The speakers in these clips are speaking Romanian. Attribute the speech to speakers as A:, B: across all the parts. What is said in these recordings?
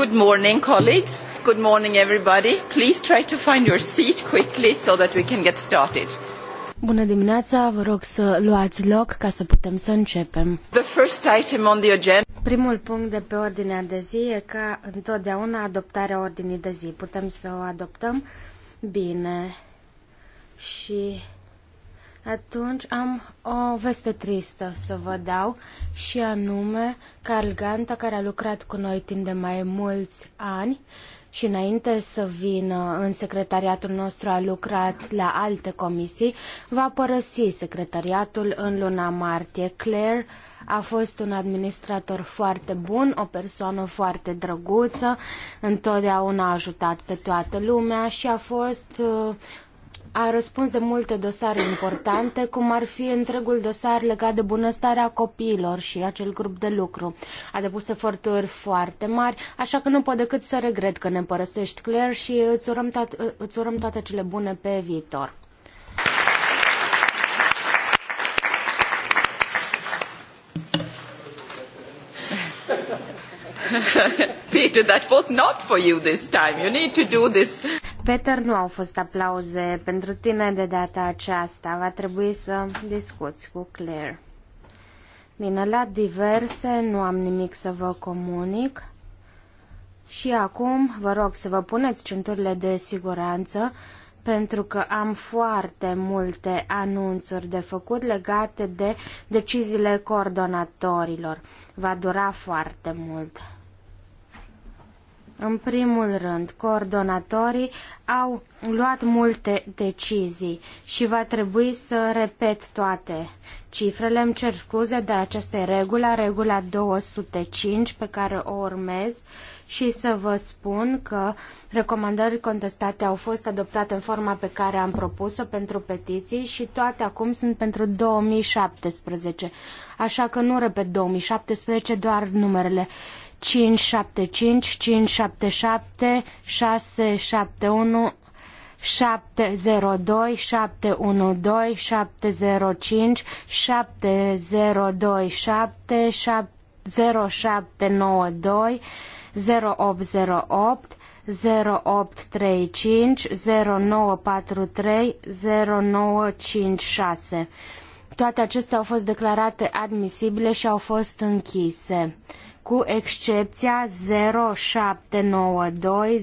A: Good morning, colleagues. Good morning, everybody. Please try to find your seat quickly so that we can get started.
B: Bună dimineața, vă rog să luați loc ca să putem să începem.
A: The first item on the agenda. Primul punct
B: de pe ordinea de zi e ca întotdeauna adoptarea ordinii de zi. Putem să o adoptăm? Bine. Și atunci am o veste tristă să vă dau și anume Carl Ganta, care a lucrat cu noi timp de mai mulți ani și înainte să vină în secretariatul nostru a lucrat la alte comisii, va părăsi secretariatul în luna martie. Claire a fost un administrator foarte bun, o persoană foarte drăguță, întotdeauna a ajutat pe toată lumea și a fost uh, a răspuns de multe dosare importante, cum ar fi întregul dosar legat de bunăstarea copiilor și acel grup de lucru. A depus eforturi foarte mari, așa că nu pot decât să regret că ne părăsești, Claire, și îți urăm, toat- îți urăm toate cele bune pe viitor.
A: Peter, that was not for you this time. You need to do this.
B: Peter, nu au fost aplauze pentru tine de data aceasta. Va trebui să discuți cu Claire. Bine, la diverse nu am nimic să vă comunic. Și acum vă rog să vă puneți centurile de siguranță pentru că am foarte multe anunțuri de făcut legate de deciziile coordonatorilor. Va dura foarte mult. În primul rând, coordonatorii au luat multe decizii și va trebui să repet toate cifrele. Îmi cer scuze, de această regulă, regula 205 pe care o urmez și să vă spun că recomandările contestate au fost adoptate în forma pe care am propus-o pentru petiții și toate acum sunt pentru 2017. Așa că nu repet 2017, doar numerele. 575, 577, 671, 702, 712, 705, 7027, 0792, 0808, 0835, 0943, 0956. Toate acestea au fost declarate admisibile și au fost închise cu excepția 0792,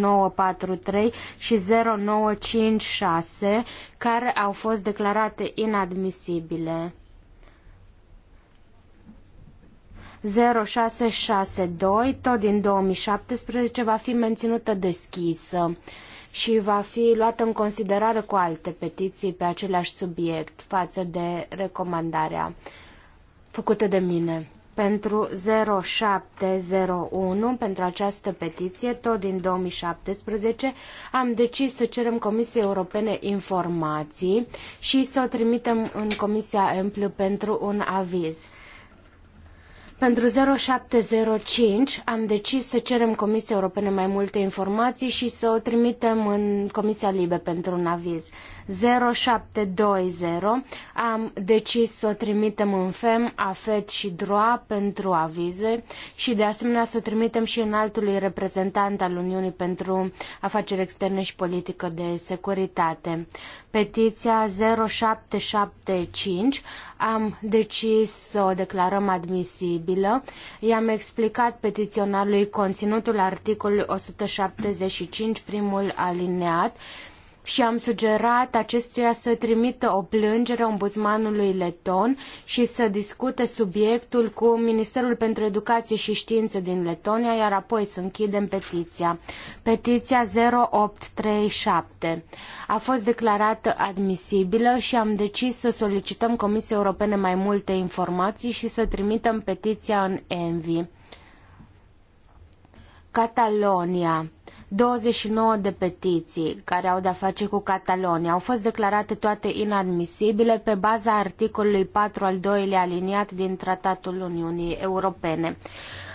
B: 0943 și 0956, care au fost declarate inadmisibile. 0662, tot din 2017, va fi menținută deschisă și va fi luată în considerare cu alte petiții pe același subiect față de recomandarea făcută de mine pentru 0701, pentru această petiție, tot din 2017, am decis să cerem Comisiei Europene informații și să o trimitem în Comisia Emplu pentru un aviz. Pentru 0705 am decis să cerem Comisiei Europene mai multe informații și să o trimitem în Comisia Libe pentru un aviz. 0720 am decis să o trimitem în FEM, AFET și DROA pentru avize și de asemenea să o trimitem și în altului reprezentant al Uniunii pentru afaceri externe și politică de securitate. Petiția 0775 am decis să o declarăm admisibilă. I-am explicat petiționarului conținutul articolului 175, primul alineat, și am sugerat acestuia să trimită o plângere ombudsmanului leton și să discute subiectul cu Ministerul pentru Educație și Știință din Letonia, iar apoi să închidem petiția. Petiția 0837 a fost declarată admisibilă și am decis să solicităm Comisiei Europene mai multe informații și să trimitem petiția în Envi. Catalonia. 29 de petiții care au de-a face cu Catalonia au fost declarate toate inadmisibile pe baza articolului 4 al 2-lea aliniat din Tratatul Uniunii Europene.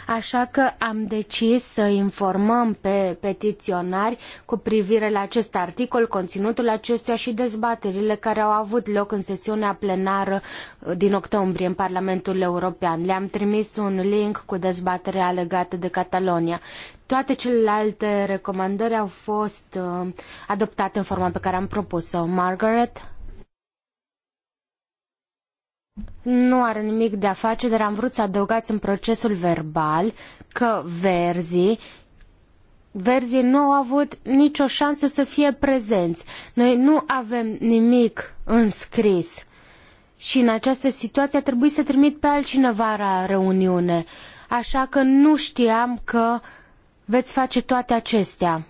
B: Așa că am decis să informăm pe petiționari cu privire la acest articol, conținutul acestuia și dezbaterile care au avut loc în sesiunea plenară din octombrie în Parlamentul European. Le-am trimis un link cu dezbaterea legată de Catalonia. Toate celelalte recomandări au fost uh, adoptate în forma pe care am propus-o. Margaret? Nu are nimic de a face, dar am vrut să adăugați în procesul verbal că verzii Verzii nu au avut nicio șansă să fie prezenți. Noi nu avem nimic înscris. Și în această situație a trebuit să trimit pe altcineva la reuniune. Așa că nu știam că uh, veți face toate acestea.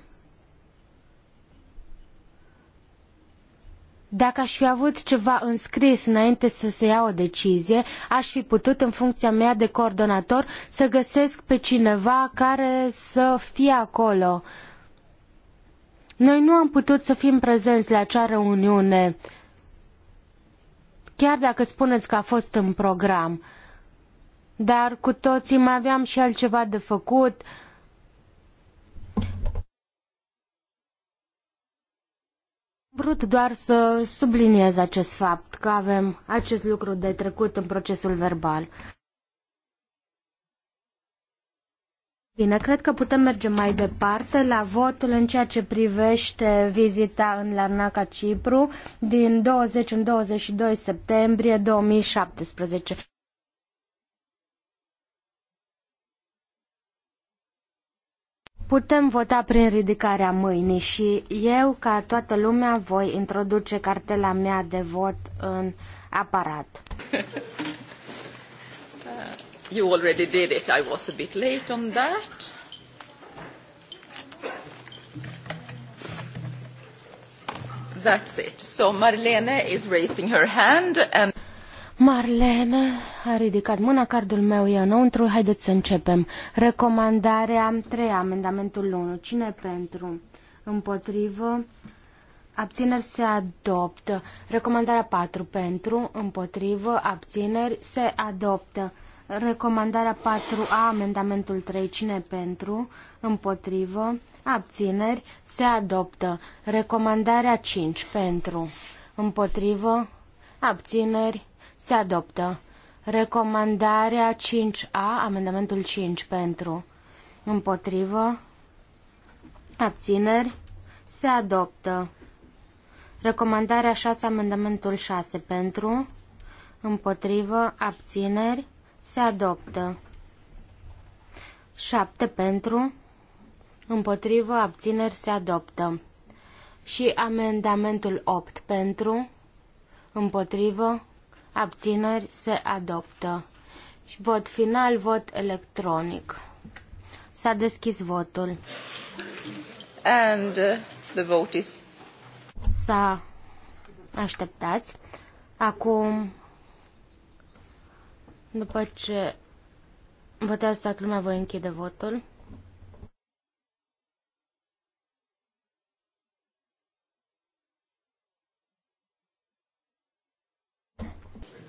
B: Dacă aș fi avut ceva înscris înainte să se ia o decizie, aș fi putut, în funcția mea de coordonator, să găsesc pe cineva care să fie acolo. Noi nu am putut să fim prezenți la acea reuniune, chiar dacă spuneți că a fost în program. Dar cu toții mai aveam și altceva de făcut, uh, Vrut doar să subliniez acest fapt, că avem acest lucru de trecut în procesul verbal. Bine, cred că putem merge mai departe la votul în ceea ce privește vizita în Larnaca, Cipru, din 20 în 22 septembrie 2017. Putem vota prin ridicarea mâinii și eu, ca toată lumea, voi introduce cartela mea de vot în
A: aparat. Uh, you already did it. I was a bit late on that. That's it. So Marlene is raising her hand and
B: Marlene a ridicat mâna, cardul meu e înăuntru, haideți să începem. Recomandarea 3, amendamentul 1. Cine pentru? Împotrivă? Abțineri se adoptă. Recomandarea 4 pentru, împotrivă, abțineri se adoptă. Recomandarea 4A, amendamentul 3, cine pentru, împotrivă, abțineri se adoptă. Recomandarea 5 pentru, împotrivă, abțineri se adoptă. Recomandarea 5A, amendamentul 5 pentru. Împotrivă. Abțineri. Se adoptă. Recomandarea 6, amendamentul 6 pentru. Împotrivă. Abțineri. Se adoptă. 7 pentru. Împotrivă. Abțineri. Se adoptă. Și amendamentul 8 pentru. Împotrivă abțineri, se adoptă. vot final, vot electronic. S-a deschis votul.
A: And uh, the vote is...
B: S-a... Așteptați. Acum, după ce votează toată lumea, voi închide votul.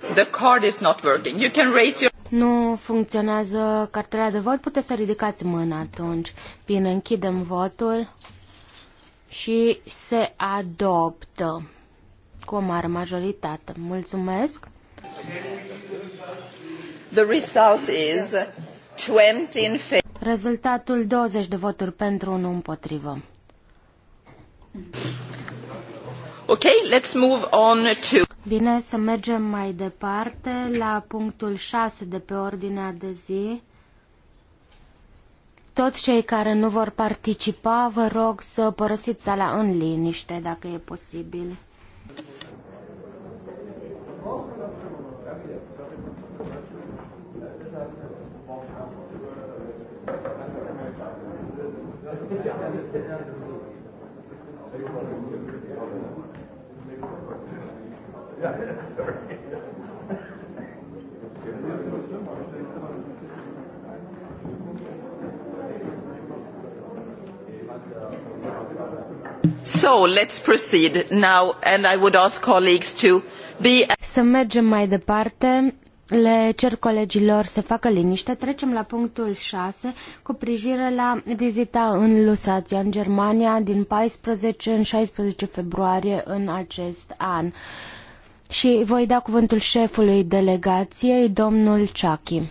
A: The card is not working. You can raise your...
B: Nu funcționează cartela de vot, puteți să ridicați mâna atunci. Bine, închidem votul și se adoptă cu o mare majoritate. Mulțumesc!
A: The result is 20 in
B: Rezultatul 20 de voturi pentru, 1 împotrivă
A: let's move on to... Bine, să mergem mai
B: departe la punctul 6 de pe ordinea de zi. Toți cei care nu vor participa, vă rog să părăsiți sala în liniște, dacă e posibil.
A: So, let's proceed now and I would ask colleagues to be... Să mergem
B: mai departe. Le cer colegilor să facă liniște. Trecem la punctul 6 cu privire la vizita în Lusația, în Germania, din 14 în 16 februarie în acest an. Uh, și voi da cuvântul șefului delegației, domnul Ciachi.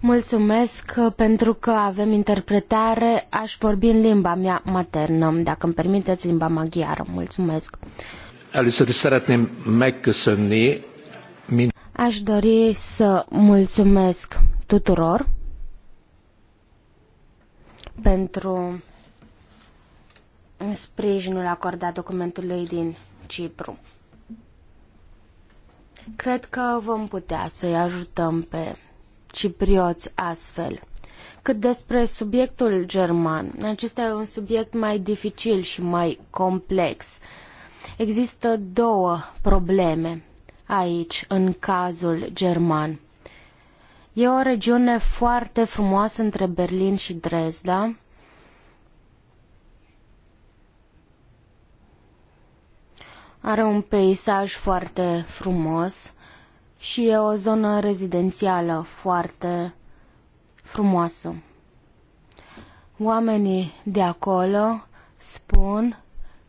B: Mulțumesc pentru că avem interpretare. Aș vorbi în limba mea maternă, dacă îmi permiteți limba maghiară.
A: Mulțumesc.
B: Aș dori să mulțumesc tuturor pentru în sprijinul acordat documentului din Cipru. Cred că vom putea să-i ajutăm pe ciprioți astfel. Cât despre subiectul german, acesta e un subiect mai dificil și mai complex. Există două probleme aici, în cazul german. E o regiune foarte frumoasă între Berlin și Dresda, Are un peisaj foarte frumos și e o zonă rezidențială foarte frumoasă. Oamenii de acolo spun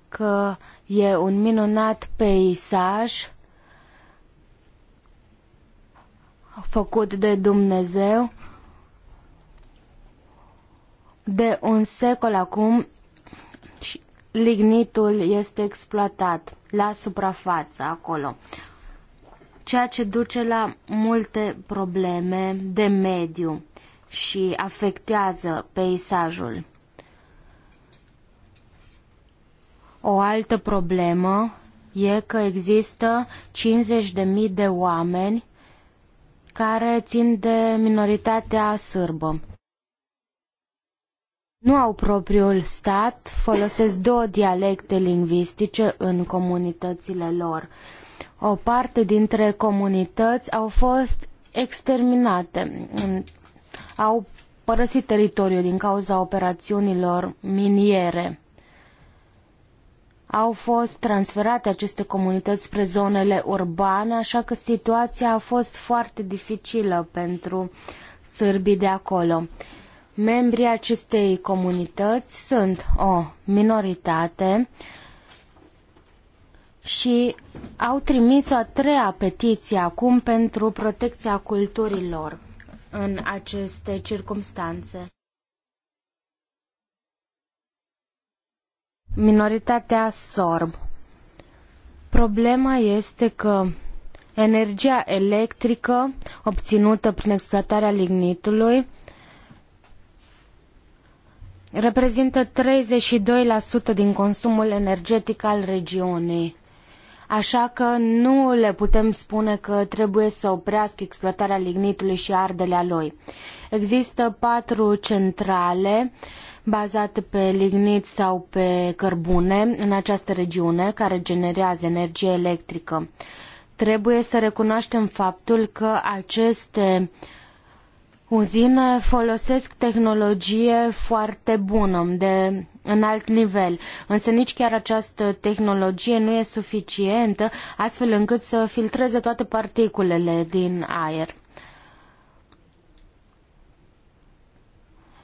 B: că e un minunat peisaj făcut de Dumnezeu. De un secol acum și lignitul este exploatat la suprafață acolo, ceea ce duce la multe probleme de mediu și afectează peisajul. O altă problemă e că există 50.000 de oameni care țin de minoritatea sârbă nu au propriul stat, folosesc două dialecte lingvistice în comunitățile lor. O parte dintre comunități au fost exterminate, au părăsit teritoriul din cauza operațiunilor miniere. Au fost transferate aceste comunități spre zonele urbane, așa că situația a fost foarte dificilă pentru sârbii de acolo. Membrii acestei comunități sunt o minoritate și au trimis o a treia petiție acum pentru protecția culturilor în aceste circumstanțe. Minoritatea sorb. Problema este că energia electrică obținută prin exploatarea lignitului reprezintă 32% din consumul energetic al regiunii. Așa că nu le putem spune că trebuie să oprească exploatarea lignitului și ardelea lui. Există patru centrale bazate pe lignit sau pe cărbune în această regiune care generează energie electrică. Trebuie să recunoaștem faptul că aceste uh, uzină folosesc tehnologie foarte bună, de înalt nivel, însă nici chiar această tehnologie nu e suficientă astfel încât să filtreze toate particulele din aer.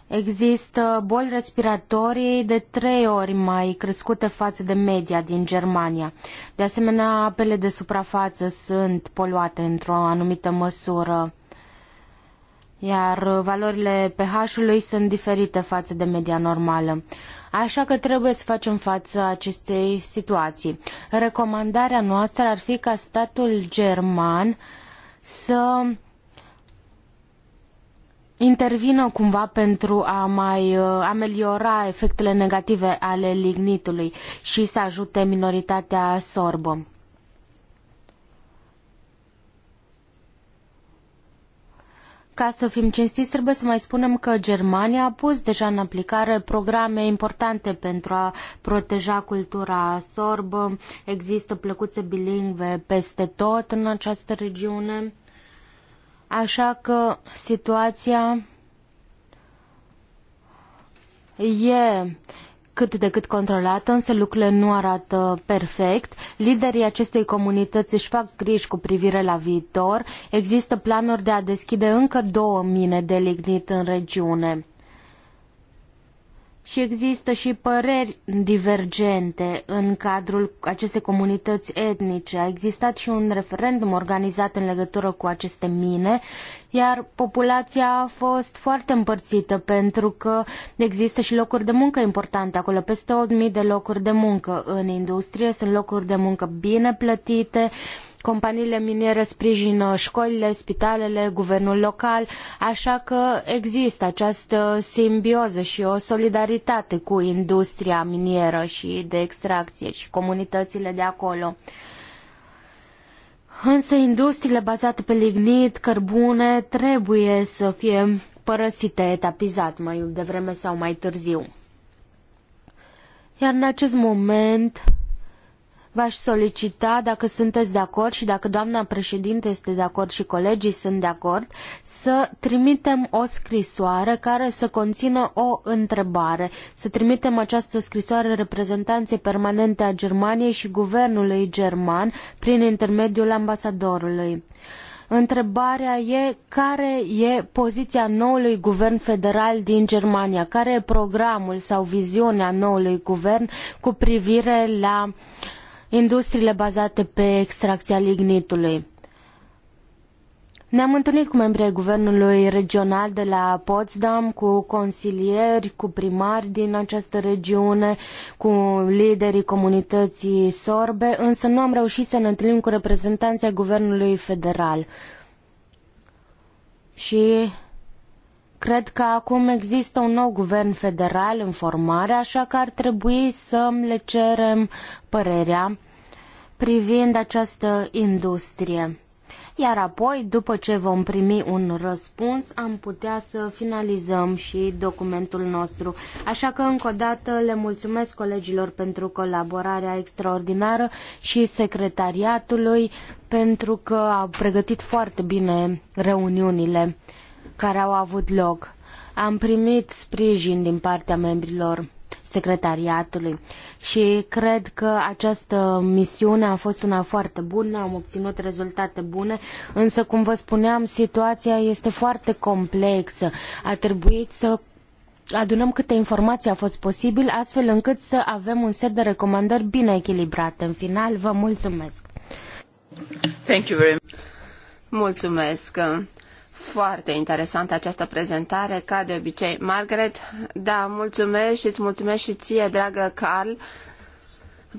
B: Există boli respiratorii de trei ori mai crescute față de media din Germania. De asemenea, apele de suprafață sunt poluate într-o anumită măsură iar valorile pH-ului sunt diferite față de media normală. Așa că trebuie să facem față acestei situații. Recomandarea noastră ar fi ca statul german să intervină cumva pentru a mai uh, ameliora efectele negative ale lignitului și să ajute minoritatea sorbă. ca să fim cinstiți, trebuie să mai spunem că Germania a pus deja în aplicare programe importante pentru a proteja cultura sorbă. Există plăcuțe bilingve peste tot în această regiune. Așa că situația e cât de cât controlată, însă lucrurile nu arată perfect. Liderii acestei comunități își fac griji cu privire la viitor. Există planuri de a deschide încă două mine de lignit în regiune și există și păreri divergente în cadrul acestei comunități etnice. A existat și un referendum organizat în legătură cu aceste mine, iar populația a fost foarte împărțită pentru că există și locuri de muncă importante acolo, peste 8.000 de locuri de muncă în industrie, sunt locuri de muncă bine plătite, companiile miniere sprijină școlile, spitalele, guvernul local, așa că există această simbioză și o solidaritate cu industria minieră și de extracție și comunitățile de acolo. Însă industriile bazate pe lignit, cărbune, trebuie să fie părăsite etapizat mai devreme sau mai târziu. Iar în acest moment V-aș solicita, dacă sunteți de acord și dacă doamna președinte este de acord și colegii sunt de acord, să trimitem o scrisoare care să conțină o întrebare. Să trimitem această scrisoare reprezentanței permanente a Germaniei și guvernului german prin intermediul ambasadorului. Întrebarea e care e poziția noului guvern federal din Germania, care e programul sau viziunea noului guvern cu privire la uh, industriile bazate pe extracția lignitului. Ne-am întâlnit cu membrii guvernului regional de la Potsdam, cu consilieri, cu primari din această regiune, cu liderii comunității sorbe, însă nu am reușit să ne întâlnim cu reprezentanții guvernului federal. Și Cred că acum există un nou guvern federal în formare, așa că ar trebui să le cerem părerea privind această industrie. Iar apoi, după ce vom primi un răspuns, am putea să finalizăm și documentul nostru. Așa că, încă o dată, le mulțumesc colegilor pentru colaborarea extraordinară și secretariatului pentru că au pregătit foarte bine reuniunile care au avut loc. Am primit sprijin din partea membrilor secretariatului și cred că această misiune a fost una foarte bună, am obținut rezultate bune, însă, cum vă spuneam, situația este foarte complexă. A trebuit să adunăm câte informații a fost posibil, astfel încât să avem un set de recomandări bine echilibrate.
C: În final, vă mulțumesc!
A: Thank you very much. Mulțumesc!
C: Foarte interesantă această prezentare, ca de obicei. Margaret, da, mulțumesc și îți mulțumesc și ție, dragă Carl,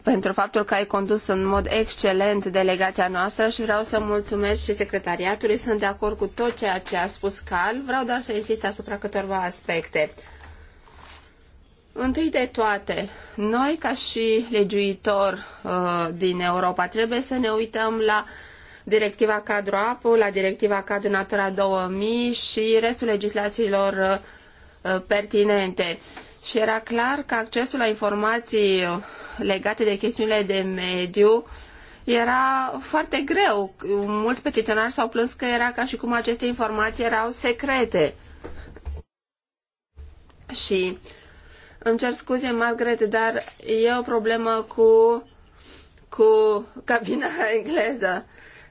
C: pentru faptul că ai condus în mod excelent delegația noastră și vreau să mulțumesc și secretariatului. Sunt de acord cu tot ceea ce a spus Carl. Vreau doar să insist asupra câtorva aspecte. Întâi de toate, noi ca și legiuitor uh, din Europa trebuie să ne uităm la uh, directiva cadru apă, la directiva cadru Natura 2000 și restul legislațiilor uh, uh, pertinente. Și era clar că accesul la informații uh, legate de chestiunile de mediu era foarte greu. Mulți petiționari s-au plâns că era ca și cum aceste informații erau secrete. Și îmi cer scuze, Margaret, dar e o problemă cu, cu cabina engleză.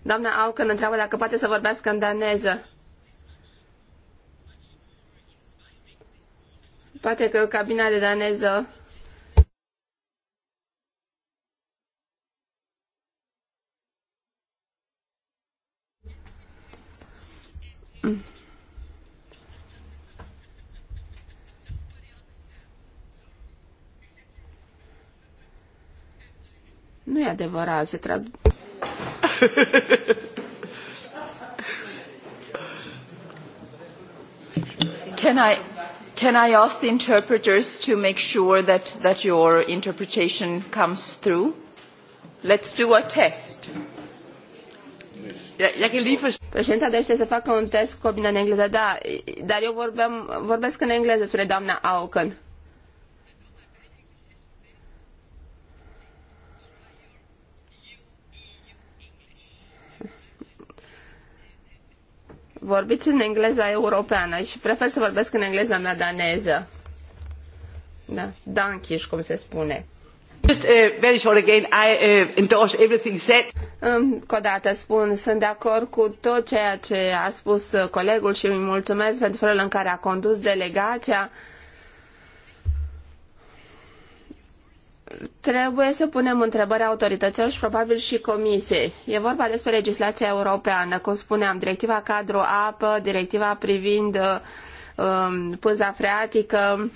C: Doamna Auken întreabă dacă poate să vorbească în daneză. Poate că cabina de daneză
A: Nu e adevărat, se traduce can I can I ask the interpreters to make sure that that your interpretation comes through? Let's do a test. Președinta
C: dorește să facă un test cu mine în engleză, da, dar eu vorbeam, vorbesc în engleză, spune doamna Auken. vorbiți în engleza europeană și prefer să vorbesc în engleza mea daneză. Da, dankish, cum se spune.
A: Just uh, very short again, I uh, endorse everything said.
C: Încă o dată spun, sunt de acord cu tot ceea ce a spus colegul și îi mulțumesc pentru felul în care a condus delegația. trebuie să punem întrebări autorităților și probabil și comisiei. E vorba despre legislația europeană, cum spuneam, directiva cadru apă, directiva privind um, pânza freatică,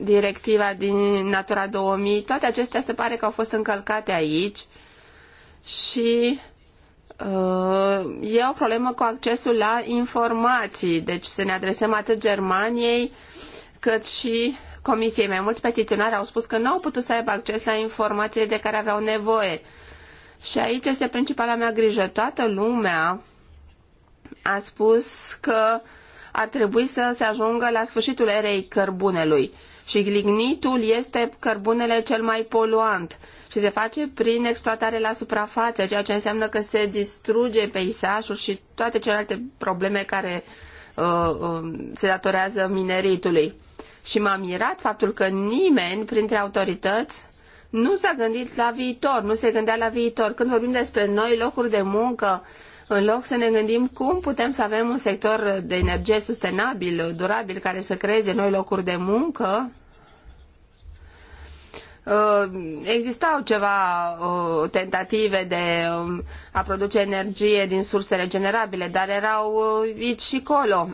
C: directiva din Natura 2000, toate acestea se pare că au fost încălcate aici și uh, e o problemă cu accesul la informații, deci să ne adresăm atât Germaniei cât și comisiei. Mai mulți petiționari au spus că nu au putut să aibă acces la informațiile de care aveau nevoie. Și aici este principala mea grijă. Toată lumea a spus că ar trebui să se ajungă la sfârșitul erei cărbunelui. Și lignitul este cărbunele cel mai poluant și se face prin exploatare la suprafață, ceea ce înseamnă că se distruge peisajul și toate celelalte probleme care uh, uh, se datorează mineritului. Și m-a mirat faptul că nimeni printre autorități nu s-a gândit la viitor, nu se gândea la viitor. Când vorbim despre noi locuri de muncă, în loc să ne gândim cum putem să avem un sector de energie sustenabil, durabil, care să creeze noi locuri de muncă, uh, existau ceva uh, tentative de um, a produce energie din surse regenerabile, dar erau uh, aici și colo.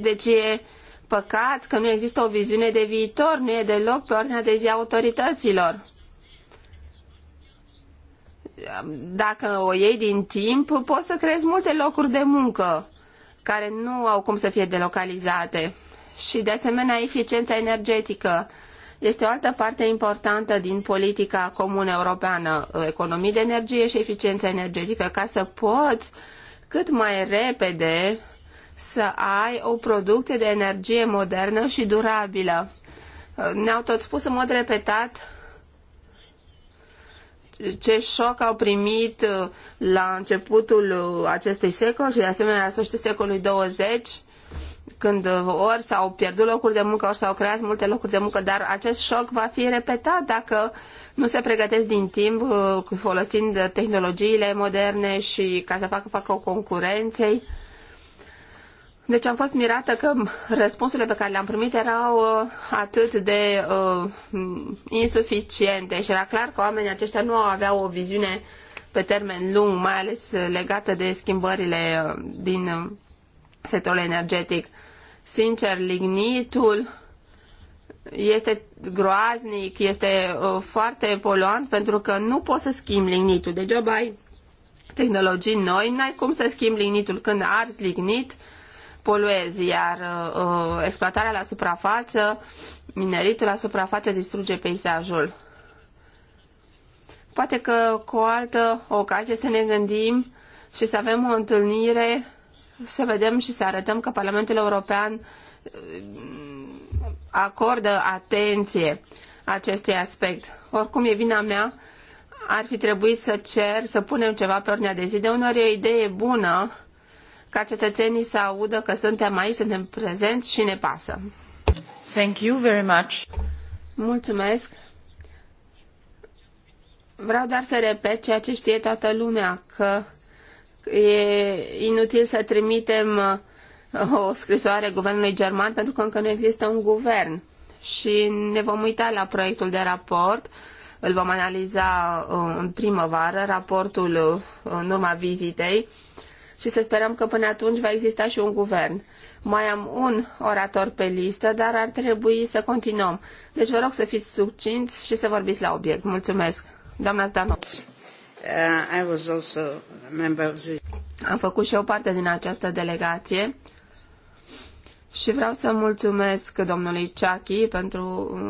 C: Deci e păcat că nu există o viziune de viitor, nu e deloc pe ordinea de zi a autorităților. Dacă o iei din timp, poți să creezi multe locuri de muncă care nu au cum să fie delocalizate. Și de asemenea eficiența energetică este o altă parte importantă din politica comună europeană, economii de energie și eficiența energetică, ca să poți cât mai repede să ai o producție de energie modernă și durabilă. Ne-au tot spus în mod repetat ce șoc au primit uh, la începutul uh, acestui secol și de asemenea la sfârșitul secolului 20 când uh, ori s-au pierdut locuri de muncă, ori s-au creat multe locuri de muncă, dar acest șoc va fi repetat dacă nu se pregătesc din timp folosind tehnologiile moderne și ca să facă facă o concurenței. Deci am fost mirată că răspunsurile pe care le-am primit erau uh, atât de uh, insuficiente și era clar că oamenii aceștia nu aveau o viziune pe termen lung, mai ales legată de schimbările uh, din uh, sectorul energetic. Sincer, lignitul este groaznic, este foarte poluant pentru că nu poți să schimbi lignitul. Degeaba ai tehnologii noi, n-ai cum să schimbi lignitul. Când arzi lignit, poluezi, iar uh, exploatarea la suprafață, mineritul la suprafață distruge peisajul. Poate că cu o altă ocazie să ne gândim și să avem o întâlnire, să vedem și să arătăm că Parlamentul European uh, acordă atenție acestui aspect. Oricum e vina mea, ar fi trebuit să cer, să punem ceva pe ordinea de zi. De unor e o idee bună, ca cetățenii să audă că suntem aici, suntem prezenți și ne pasă. Thank you very much. Mulțumesc. Vreau doar să repet ceea ce știe toată lumea, că e inutil să trimitem uh, o scrisoare guvernului german pentru că încă nu există un guvern și ne vom uita la proiectul de raport. Îl vom analiza uh, în primăvară, raportul uh, în urma vizitei și să sperăm că până atunci va exista și un guvern. Mai am un orator pe listă, dar ar trebui să continuăm. Deci vă rog să fiți succinți și să vorbiți la obiect. Mulțumesc. Doamna Zdanov. Uh, am făcut și eu parte din această delegație și vreau să mulțumesc domnului Chaki pentru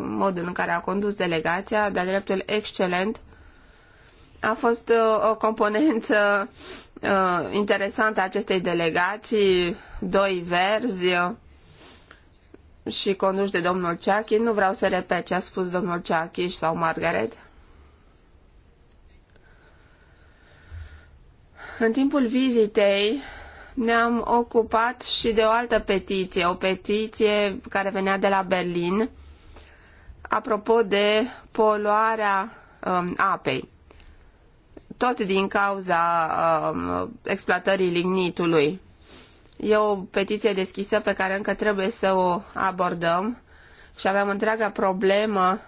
C: modul în care a condus delegația, de-a dreptul excelent. A fost uh, o componentă uh, interesante a acestei delegații, doi verzi uh, și conduși de domnul Ceachi. Nu vreau să repet ce a spus domnul Ceachi sau Margaret. În timpul vizitei ne-am ocupat și de o altă petiție, o petiție care venea de la Berlin, apropo de poluarea um, apei tot din cauza uh, exploatării lignitului. E o petiție deschisă pe care încă trebuie să o abordăm și aveam întreaga problemă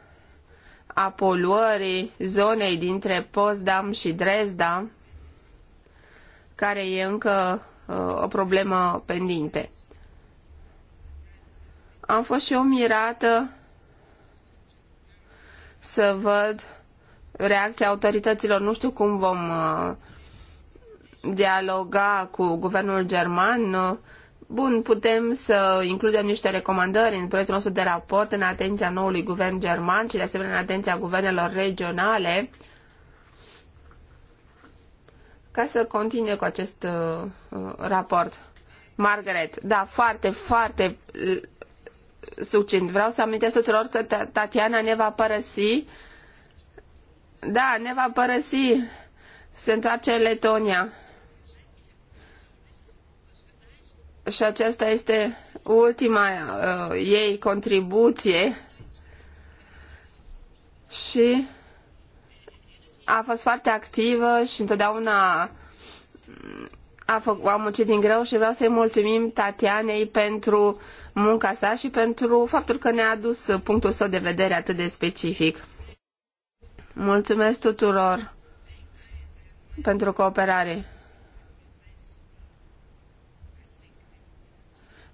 C: a poluării zonei dintre Potsdam și Dresda, care e încă uh, o problemă pendinte. Am fost și eu mirată să văd reacția autorităților. Nu știu cum vom uh, dialoga cu guvernul german. Uh, bun, putem să includem niște recomandări în proiectul nostru de raport în atenția noului guvern german și de asemenea în atenția guvernelor regionale ca să continue cu acest uh, uh raport. Margaret, da, foarte, foarte sucint. Vreau să amintesc tuturor că Tatiana ne va părăsi da, ne va părăsi. Se întoarce în Letonia. Și aceasta este ultima uh, ei contribuție. Și a fost foarte activă și întotdeauna a, făc, a muncit din greu și vreau să-i mulțumim Tatianei pentru munca sa și pentru faptul că ne-a adus punctul său de vedere atât de specific. Mulțumesc tuturor pentru cooperare.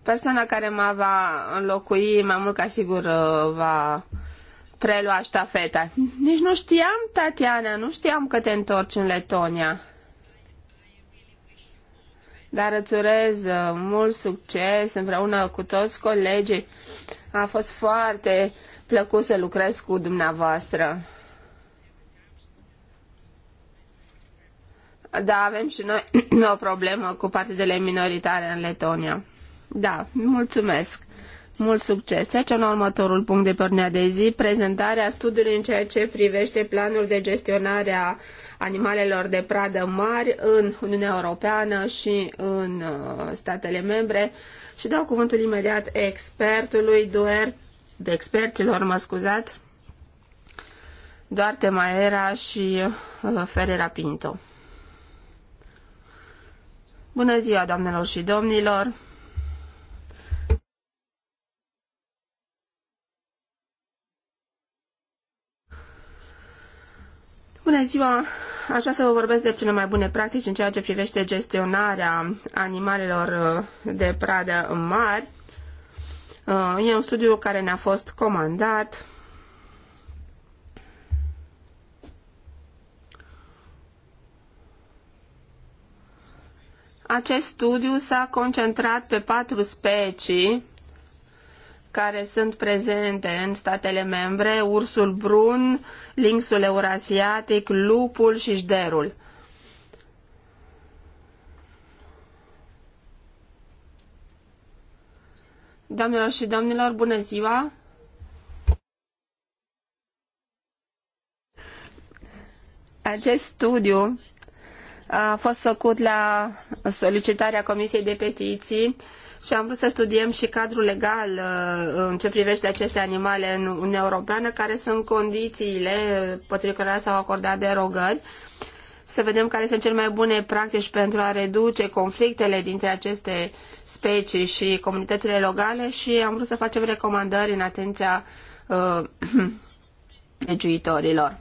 C: Persoana care mă va înlocui, mai mult ca sigur, uh, va prelua ștafeta. Nici nu știam, Tatiana, nu știam că te întorci în Letonia. Dar îți urez uh, mult succes împreună cu toți colegii. A fost foarte plăcut să lucrez cu dumneavoastră. Da, avem și noi o problemă cu partidele minoritare în Letonia. Da, mulțumesc. Mult succes. Trecem la următorul punct de pe ordinea de zi, prezentarea studiului în ceea ce privește planul de gestionare a animalelor de pradă mari în Uniunea Europeană și în uh, statele membre și dau cuvântul imediat expertului, duer, de experților, mă scuzați, Duarte Maera și uh, Ferreira Pinto. Bună ziua, doamnelor și domnilor! Bună ziua! Aș vrea să vă vorbesc de cele mai bune practici în ceea ce privește gestionarea animalelor uh, de pradă în mari. Uh, e un studiu care ne-a fost comandat Acest studiu s-a concentrat pe patru specii care sunt prezente în statele membre, ursul brun, lynxul eurasiatic, lupul și jderul. Doamnelor și domnilor, bună ziua! Acest studiu a fost făcut la solicitarea Comisiei de Petiții și am vrut să studiem și cadrul legal uh, în ce privește aceste animale în Uniunea Europeană, care sunt condițiile potrivit cărora s-au acordat derogări, să vedem care sunt cele mai bune practici pentru a reduce conflictele dintre aceste specii și comunitățile locale și am vrut să facem recomandări în atenția uh, legiuitorilor.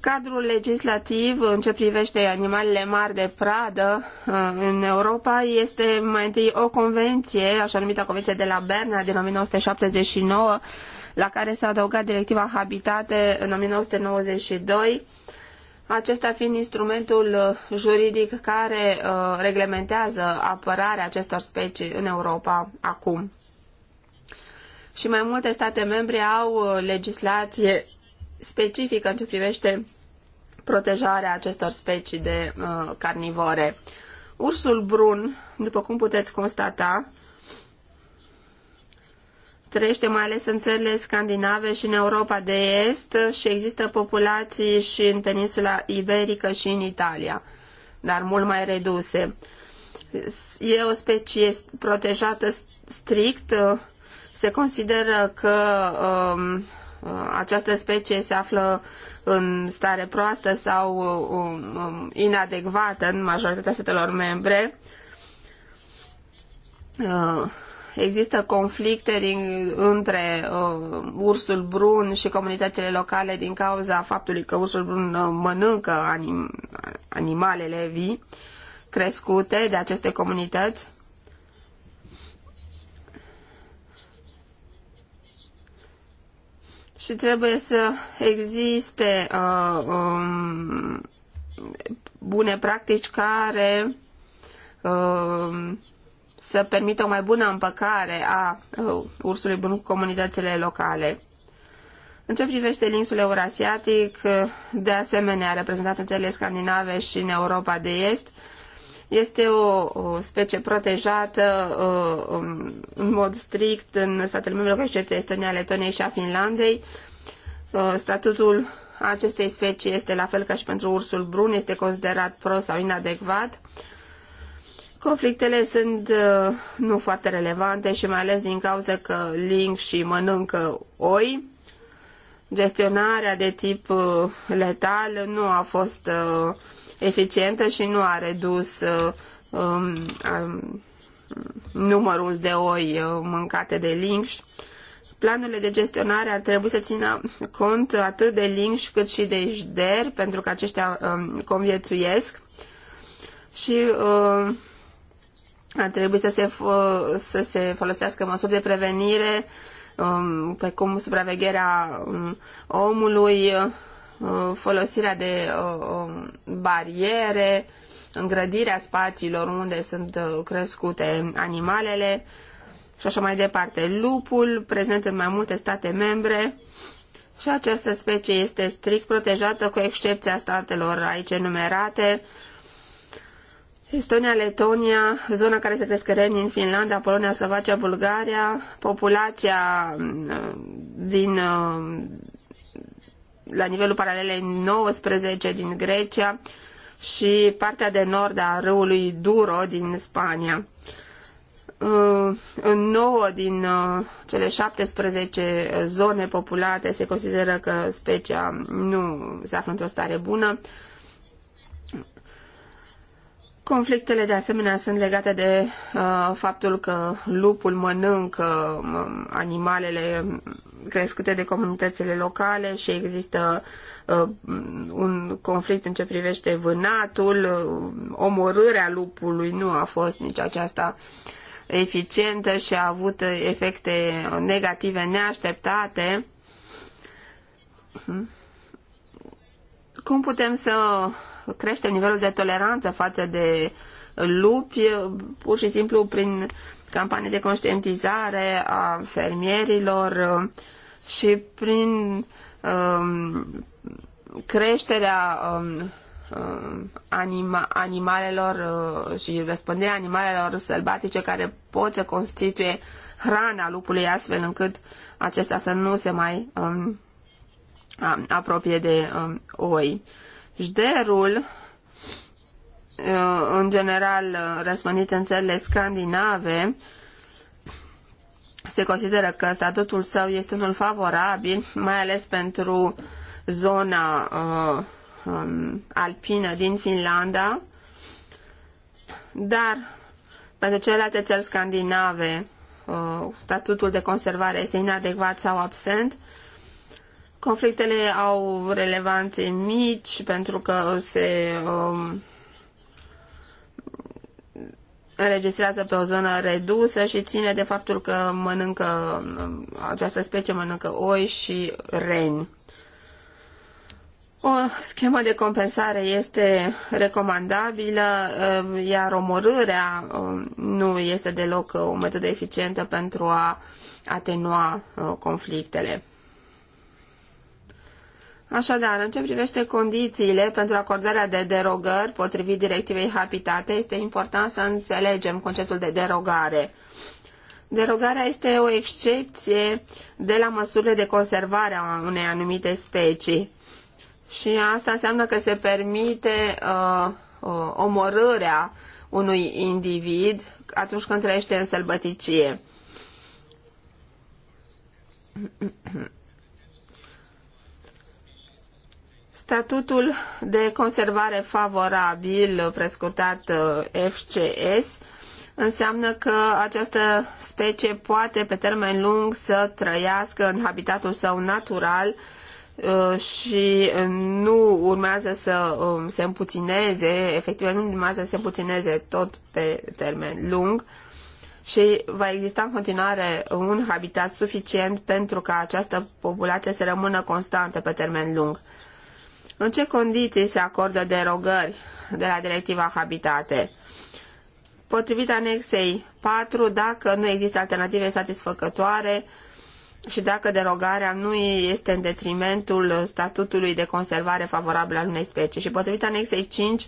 C: Cadrul legislativ în ce privește animalele mari de pradă uh, în Europa este mai întâi o convenție, așa numită convenție de la Berna din 1979, la care s-a adăugat directiva Habitate în 1992, acesta fiind instrumentul uh, juridic care uh, reglementează apărarea acestor specii în Europa acum. Și mai multe state membre au legislație specifică în ce privește protejarea acestor specii de uh, carnivore. Ursul brun, după cum puteți constata, trăiește mai ales în țările scandinave și în Europa de Est și există populații și în peninsula iberică și în Italia, dar mult mai reduse. E o specie protejată strict, se consideră că uh, această specie se află în stare proastă sau um, um, inadecvată în majoritatea statelor membre. Uh, există conflicte între uh, ursul brun și comunitățile locale din cauza faptului că ursul brun uh, mănâncă animalele vii crescute de aceste comunități și trebuie să existe uh, um, bune practici care uh, să permită o mai bună împăcare a uh, ursului bun cu comunitățile locale. În ce privește linsul eurasiatic, uh, de asemenea reprezentat în țările scandinave și în Europa de Est, este o, o specie protejată uh, în mod strict în statele membre, cu excepția Estoniei, Letoniei și a Finlandei. Uh, statutul acestei specii este la fel ca și pentru ursul brun, este considerat prost sau inadecvat. Conflictele sunt uh, nu foarte relevante și mai ales din cauza că ling și mănâncă oi. Gestionarea de tip uh, letal nu a fost uh, eficientă și nu a redus uh, um, um, numărul de oi uh, mâncate de lingși. Planurile de gestionare ar trebui să țină cont atât de lingși cât și de jder, pentru că aceștia um, conviețuiesc și uh, ar trebui să se, să se folosească măsuri de prevenire, um, precum supravegherea um, omului, Uh, folosirea de uh, um, bariere, îngrădirea spațiilor unde sunt uh, crescute animalele și așa mai departe. Lupul, prezent în mai multe state membre, și această specie este strict protejată cu excepția statelor aici enumerate, Estonia, Letonia, zona care se cresc reni în Finlanda, Polonia, Slovacia, Bulgaria, populația din la nivelul paralelei 19 din Grecia și partea de nord a râului Duro din Spania. Uh, în 9 din uh, cele 17 zone populate se consideră că specia nu se află într-o stare bună. Conflictele de asemenea sunt legate de uh, faptul că lupul mănâncă uh, animalele crescute de comunitățile locale și există uh, un conflict în ce privește vânatul, uh, omorârea lupului nu a fost nici aceasta eficientă și a avut uh, efecte negative neașteptate. Hmm. Cum putem să creștem nivelul de toleranță față de lupi pur și simplu prin campanii de conștientizare a fermierilor uh, și prin um, creșterea um, um anima, animalelor uh, și răspândirea animalelor sălbatice care pot să constituie hrana lupului astfel încât acesta să nu se mai um, apropie de um, oi. Jderul Uh, în general uh, răspândit în țările scandinave, se consideră că statutul său este unul favorabil, mai ales pentru zona uh, um, alpină din Finlanda, dar pentru celelalte țări scandinave uh, statutul de conservare este inadecvat sau absent. Conflictele au relevanțe mici pentru că se um, înregistrează pe o zonă redusă și ține de faptul că mănâncă, această specie mănâncă oi și reni. O schemă de compensare este recomandabilă, iar omorârea um, nu este deloc o metodă eficientă pentru a atenua uh, conflictele. Așadar, în ce privește condițiile pentru acordarea de derogări potrivit directivei Habitate, este important să înțelegem conceptul de derogare. Derogarea este o excepție de la măsurile de conservare a unei anumite specii. Și asta înseamnă că se permite uh, uh omorârea unui individ atunci când trăiește în sălbăticie. Statutul de conservare favorabil, prescurtat uh, FCS, înseamnă că această specie poate pe termen lung să trăiască în habitatul său natural uh, și uh, nu urmează să um, se împuțineze, efectiv nu urmează să se împuțineze tot pe termen lung și va exista în continuare un habitat suficient pentru ca această populație să rămână constantă pe termen lung. În ce condiții se acordă derogări de la directiva Habitate? Potrivit anexei 4, dacă nu există alternative satisfăcătoare și dacă derogarea nu este în detrimentul statutului de conservare favorabil al unei specii. Și potrivit anexei 5,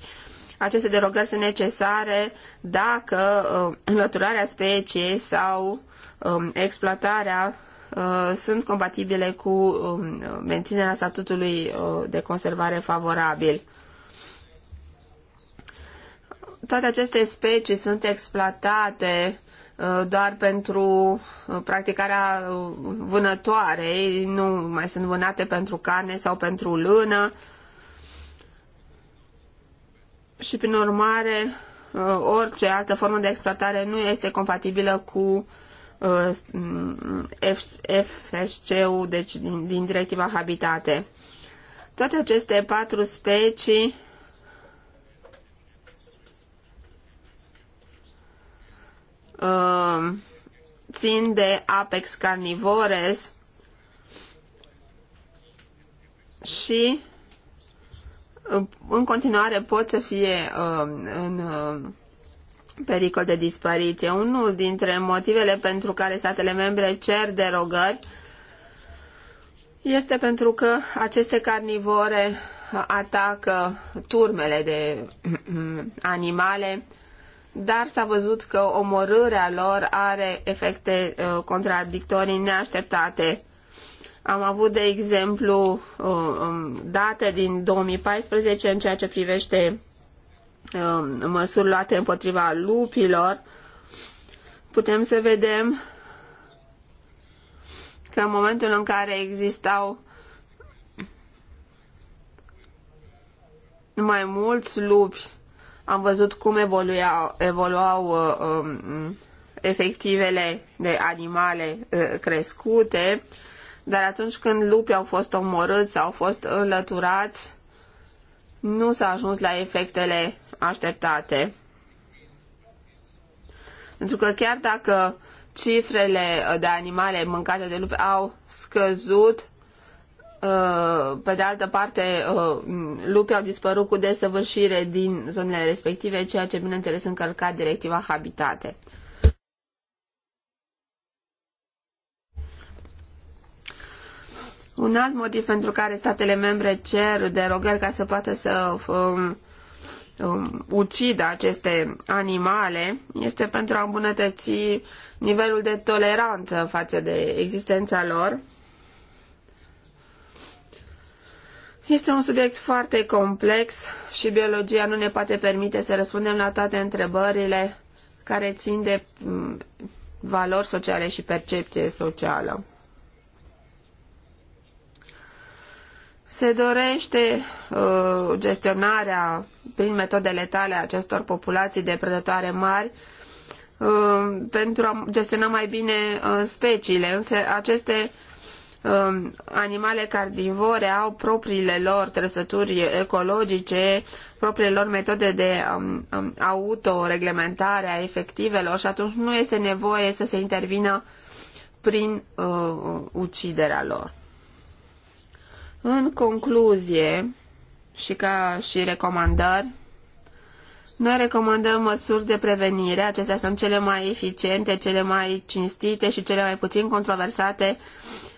C: aceste derogări sunt necesare dacă uh, înlăturarea speciei sau um, exploatarea Uh, sunt compatibile cu um, menținerea statutului uh, de conservare favorabil. Toate aceste specii sunt exploatate uh, doar pentru practicarea vânătoarei, nu mai sunt vânate pentru carne sau pentru lână și prin urmare orice altă formă de exploatare nu este compatibilă cu Uh, FSC-ul, deci din, din directiva Habitate. Toate aceste patru specii uh, țin de Apex carnivores și uh, în continuare pot să fie uh, în uh, pericol de dispariție. Unul dintre motivele pentru care statele membre cer derogări este pentru că aceste carnivore atacă turmele de animale, dar s-a văzut că omorârea lor are efecte uh, contradictorii neașteptate. Am avut, de exemplu, uh, um, date din 2014 în ceea ce privește Um, măsuri luate împotriva lupilor, putem să vedem că în momentul în care existau mai mulți lupi, am văzut cum evoluau, evoluau uh, um, efectivele de animale uh, crescute, dar atunci când lupii au fost omorâți, au fost înlăturați, nu s-a ajuns la efectele așteptate. Pentru că chiar dacă cifrele de animale mâncate de lupi au scăzut, uh, pe de altă parte, uh, lupii au dispărut cu desăvârșire din zonele respective, ceea ce, bineînțeles, încălca directiva Habitate. Un alt motiv pentru care statele membre cer derogări ca să poată să um, Ucide um, ucidă aceste animale este pentru a îmbunătăți nivelul de toleranță față de existența lor. Este un subiect foarte complex și biologia nu ne poate permite să răspundem la toate întrebările care țin de mm, valori sociale și percepție socială. Se dorește uh, gestionarea prin metodele tale a acestor populații de prădătoare mari uh, pentru a gestiona mai bine uh, speciile, însă aceste uh, animale carnivore au propriile lor trăsături ecologice, propriile lor metode de um, um, autoreglementare a efectivelor și atunci nu este nevoie să se intervină prin uh, uciderea lor. În concluzie și ca și recomandări, noi recomandăm măsuri de prevenire. Acestea sunt cele mai eficiente, cele mai cinstite și cele mai puțin controversate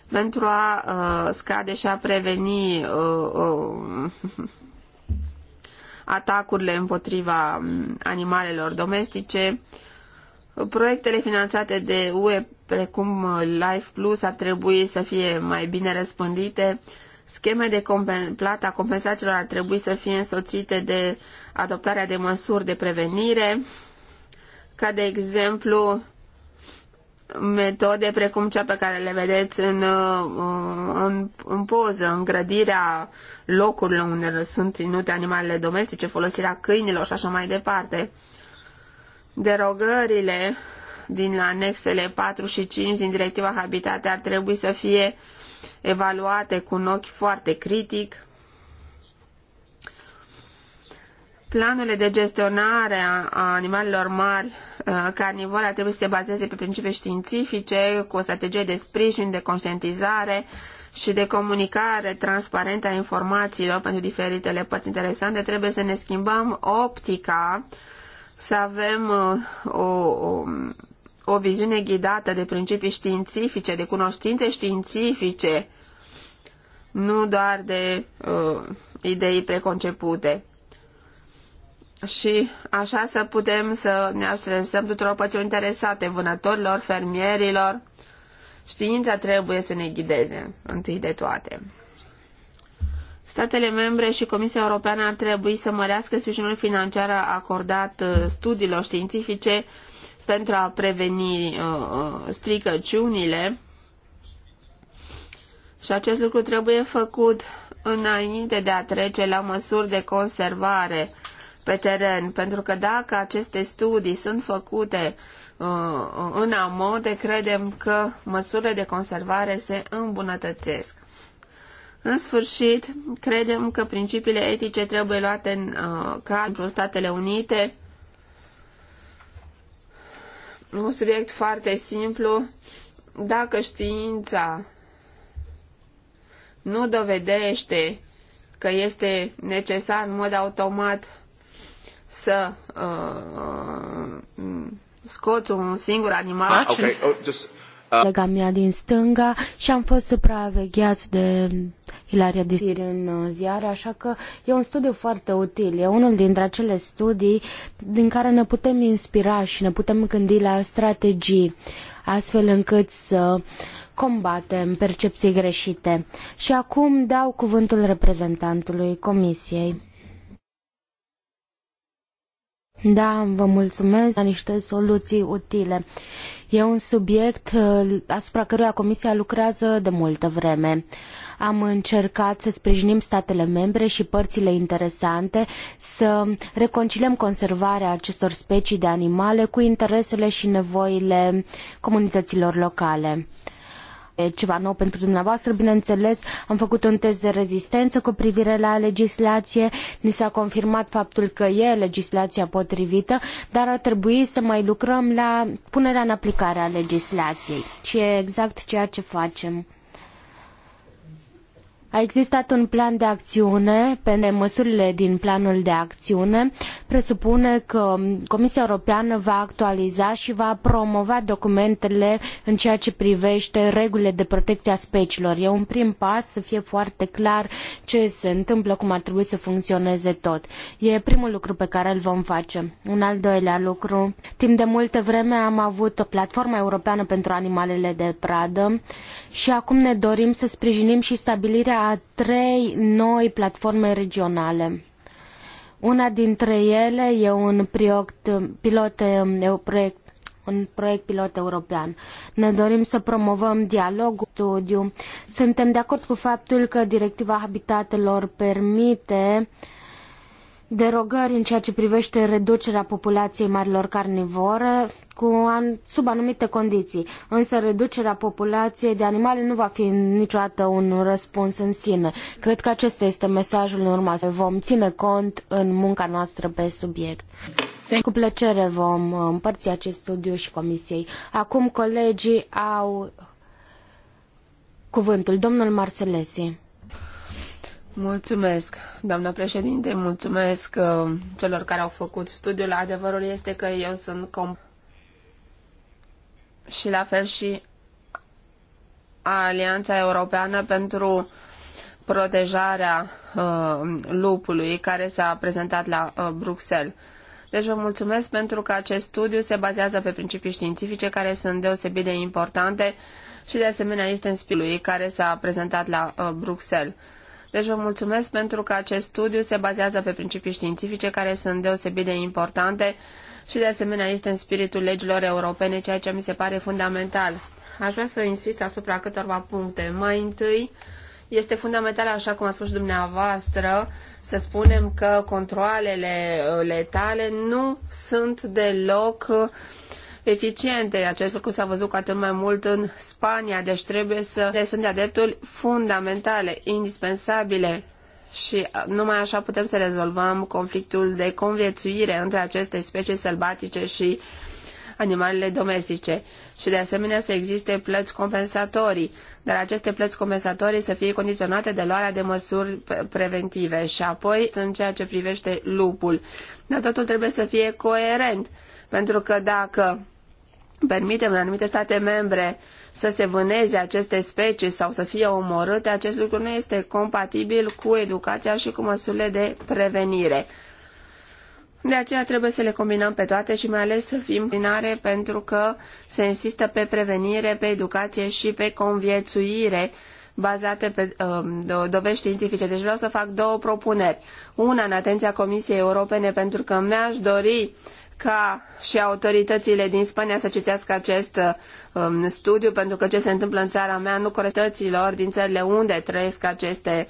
C: pentru a uh, scade și a preveni uh, uh, atacurile împotriva um, animalelor domestice. Proiectele finanțate de UE, precum uh, Life Plus, ar trebui să fie mai bine răspândite Scheme de plata compensațiilor ar trebui să fie însoțite de adoptarea de măsuri de prevenire, ca de exemplu metode precum cea pe care le vedeți în, uh, în, în poză, îngrădirea locurilor unde sunt ținute animalele domestice, folosirea câinilor și așa mai departe. Derogările din anexele 4 și 5 din directiva Habitate ar trebui să fie uh, evaluate cu un ochi foarte critic. Planurile de gestionare a animalelor mari uh, carnivore ar trebui să se bazeze pe principii științifice, cu o strategie de sprijin, de conștientizare și de comunicare transparentă a informațiilor pentru diferitele părți interesante. Trebuie să ne schimbăm optica, să avem uh, o, o o viziune ghidată de principii științifice, de cunoștințe științifice, nu doar de uh, idei preconcepute. Și așa să putem să ne adresăm tuturor părților interesate, vânătorilor, fermierilor. Știința trebuie să ne ghideze, întâi de toate. Statele membre și Comisia Europeană ar trebui să mărească sprijinul financiar acordat uh, studiilor științifice pentru a preveni uh, uh, stricăciunile și acest lucru trebuie făcut înainte de a trece la măsuri de conservare pe teren, pentru că dacă aceste studii sunt făcute uh, uh în amode, credem că măsurile de conservare se îmbunătățesc. În sfârșit, credem că principiile etice trebuie luate în uh, cadrul Statele Unite un subiect foarte simplu. Dacă știința nu dovedește că este necesar în mod automat să uh, uh scoți un singur animal. Ah, okay. oh, just... Uh,
B: Colega mea din stânga și am fost supravegheați de Ilaria Distir în uh, ziare, așa că e un studiu foarte util. E unul dintre acele studii din care ne putem inspira și ne putem gândi la strategii, astfel încât să combatem percepții greșite. Și acum dau cuvântul reprezentantului Comisiei. Da, vă mulțumesc la niște soluții utile. E un subiect uh, asupra căruia Comisia lucrează de multă vreme. Am încercat să sprijinim statele membre și părțile interesante să reconciliem conservarea acestor specii de animale cu interesele și nevoile comunităților locale e ceva nou pentru dumneavoastră. Bineînțeles, am făcut un test de rezistență cu privire la legislație. Ni s-a confirmat faptul că e legislația potrivită, dar ar trebui să mai lucrăm la punerea în aplicare a legislației. Și e exact ceea ce facem. A existat un plan de acțiune, pentru măsurile din planul de acțiune presupune că Comisia Europeană va actualiza și va promova documentele în ceea ce privește regulile de protecție a speciilor. E un prim pas să fie foarte clar ce se întâmplă, cum ar trebui să funcționeze tot. E primul lucru pe care îl vom face. Un al doilea lucru. Timp de multă vreme am avut o platformă europeană pentru animalele de pradă și acum ne dorim să sprijinim și stabilirea a trei noi platforme regionale. Una dintre ele e un proiect pilot, um, un proiect un proiect pilot european. Ne dorim să promovăm dialogul, studiu. Suntem de acord cu faptul că directiva habitatelor permite uh, derogări în ceea ce privește reducerea populației marilor carnivore cu an, sub anumite condiții. Însă reducerea populației de animale nu va fi niciodată un răspuns în sine. Cred că acesta este mesajul în urma. Vom ține cont în munca noastră pe subiect. Cu plăcere vom împărți acest studiu și comisiei. Acum colegii
C: au cuvântul. Domnul Marcelesi. Mulțumesc, doamnă președinte, mulțumesc uh, celor care au făcut studiul. Adevărul este că eu sunt com și la fel și Alianța Europeană pentru protejarea uh, lupului care s-a prezentat la uh, Bruxelles. Deci vă mulțumesc pentru că acest studiu se bazează pe principii științifice care sunt deosebit de importante și de asemenea este în spilului care s-a prezentat la uh, Bruxelles. Deci vă mulțumesc pentru că acest studiu se bazează pe principii științifice care sunt deosebit de importante și de asemenea este în spiritul legilor europene, ceea ce mi se pare fundamental. Aș vrea să insist asupra câtorva puncte. Mai întâi, este fundamental, așa cum a spus și dumneavoastră, să spunem că controalele letale nu sunt deloc uh, eficiente. Acest lucru s-a văzut cu atât mai mult în Spania, deci trebuie să le sunt de drepturi fundamentale, indispensabile și numai așa putem să rezolvăm conflictul de conviețuire între aceste specii sălbatice și animalele domestice și de asemenea să existe plăți compensatorii, dar aceste plăți compensatorii să fie condiționate de luarea de măsuri preventive și apoi în ceea ce privește lupul. Dar totul trebuie să fie coerent, pentru că dacă permitem în anumite state membre să se vâneze aceste specii sau să fie omorâte, acest lucru nu este compatibil cu educația și cu măsurile de prevenire. De aceea trebuie să le combinăm pe toate și mai ales să fim binare pentru că se insistă pe prevenire, pe educație și pe conviețuire bazate pe uh, dovești științifice. Deci vreau să fac două propuneri. Una în atenția Comisiei Europene pentru că mi-aș dori ca și autoritățile din Spania să citească acest um, studiu, pentru că ce se întâmplă în țara mea nu corespundăților din țările unde trăiesc aceste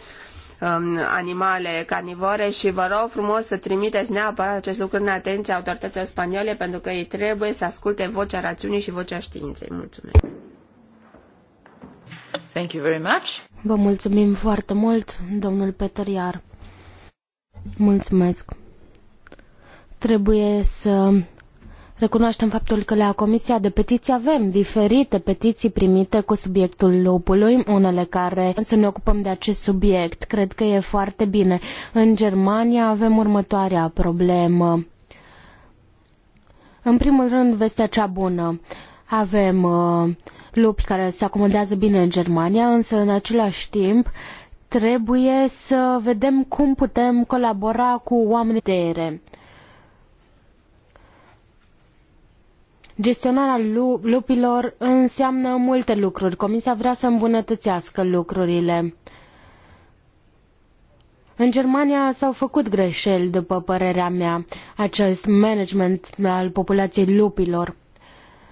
C: um, animale carnivore și vă rog frumos să trimiteți neapărat acest lucru în atenția autorităților spaniole pentru că ei trebuie să asculte vocea rațiunii și vocea științei. Mulțumesc!
A: Thank you very much.
B: Vă mulțumim foarte mult, domnul Peter Mulțumesc! Trebuie să recunoaștem faptul că la Comisia de Petiții avem diferite petiții primite cu subiectul lupului, unele care să ne ocupăm de acest subiect. Cred că e foarte bine. În Germania avem următoarea problemă. În primul rând, vestea cea bună. Avem uh, lupi care se acomodează bine în Germania, însă în același timp trebuie să vedem cum putem colabora cu oamenii de ere. Gestionarea lupilor înseamnă multe lucruri. Comisia vrea să îmbunătățească lucrurile. În Germania s-au făcut greșeli, după părerea mea, acest management al populației lupilor.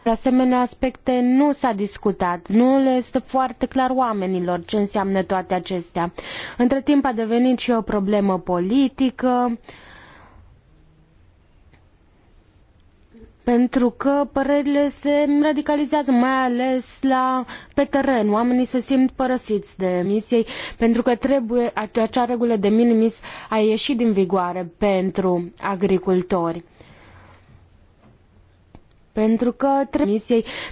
B: Asemenea aspecte nu s-a discutat, nu le este foarte clar oamenilor ce înseamnă toate acestea. Între timp a devenit și o problemă politică, pentru că părerile se radicalizează, mai ales la, pe teren. Oamenii se simt părăsiți de emisiei, pentru că trebuie acea regulă de minimis a ieșit din vigoare pentru agricultori. Pentru că, trebuie,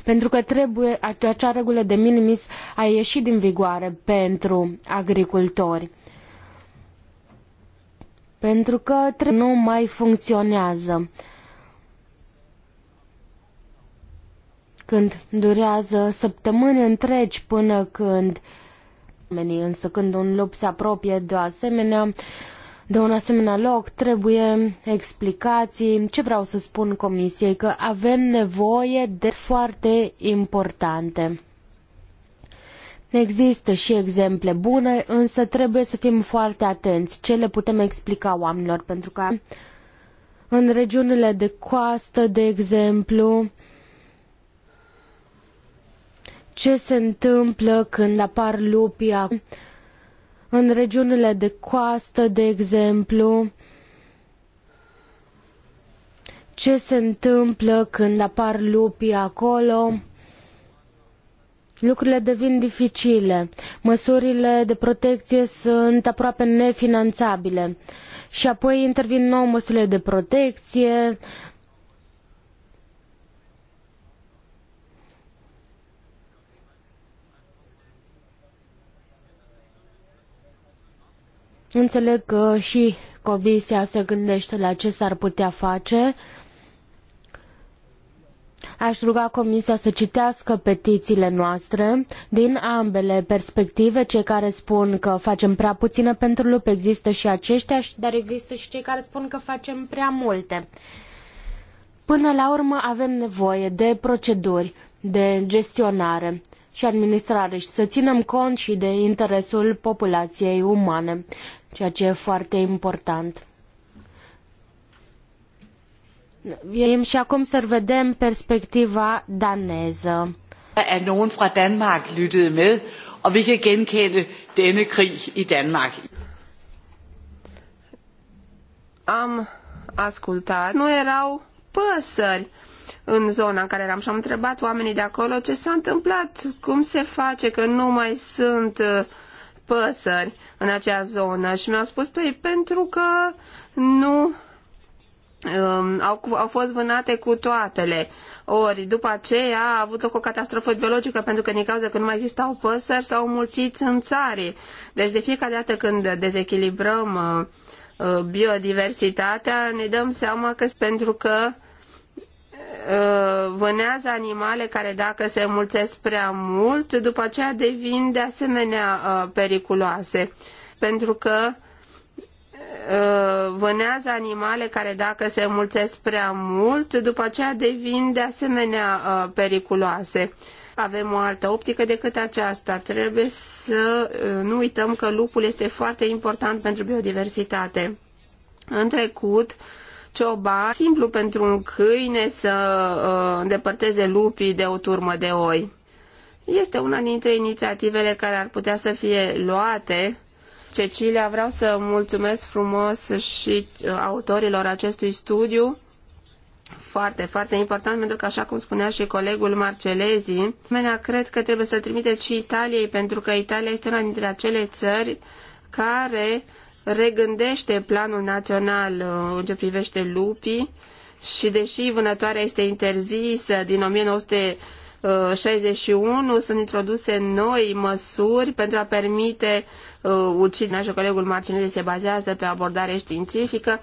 B: pentru că trebuie acea regulă de minimis a ieșit din vigoare pentru agricultori. Pentru că trebuie, nu mai funcționează. când durează săptămâni întregi până când oamenii, însă când un lup se apropie de o asemenea, de un asemenea loc, trebuie explicații. Ce vreau să spun comisiei? Că avem nevoie de foarte importante. Există și exemple bune, însă trebuie să fim foarte atenți ce le putem explica oamenilor, pentru că în regiunile de coastă, de exemplu, ce se întâmplă când apar lupi în regiunile de coastă, de exemplu, ce se întâmplă când apar lupi acolo. Lucrurile devin dificile. Măsurile de protecție sunt aproape nefinanțabile. Și apoi intervin nou măsurile de protecție, Înțeleg că și comisia se gândește la ce s-ar putea face. Aș ruga Comisia să citească petițiile noastre. Din ambele perspective, cei care spun că facem prea puține pentru lup există și aceștia, dar există și cei care spun că facem prea multe. Până la urmă avem nevoie de proceduri, de gestionare și administrare și să ținem cont și de interesul populației umane, ceea ce e foarte important. Vrem și acum să vedem perspectiva daneză. At nogen
A: fra Danmark lyttede med, og vi kan genkende denne krig i Danmark.
C: Am ascultat. Nu erau păsări în zona în care eram și am întrebat oamenii de acolo ce s-a întâmplat, cum se face că nu mai sunt uh, păsări în acea zonă și mi-au spus, păi, pentru că nu um, au, au fost vânate cu toatele. Ori după aceea a avut loc o catastrofă biologică pentru că din cauza că nu mai existau păsări s-au mulțit în țari. Deci de fiecare dată când dezechilibrăm uh, uh biodiversitatea ne dăm seama că pentru că uh, Uh, vânează animale care dacă se mulțesc prea mult, după aceea devin de asemenea uh, periculoase, pentru că uh, vânează animale care dacă se mulțesc prea mult, după aceea devin de asemenea periculoase. Avem o altă optică decât aceasta. Trebuie să nu uităm că lupul este foarte important pentru biodiversitate. În trecut, cioban, simplu pentru un câine să uh, îndepărteze lupii de o turmă de oi. Este una dintre inițiativele care ar putea să fie luate. Cecilia, vreau să mulțumesc frumos și uh, autorilor acestui studiu. Foarte, foarte important, pentru că, așa cum spunea și colegul Marcelezi, menea, cred că trebuie să trimiteți și Italiei, pentru că Italia este una dintre acele țări care regândește planul național uh, în ce privește lupii și deși vânătoarea este interzisă din 1961, sunt introduse noi măsuri pentru a permite uh, uciderea și colegul Marcinele se bazează pe abordare științifică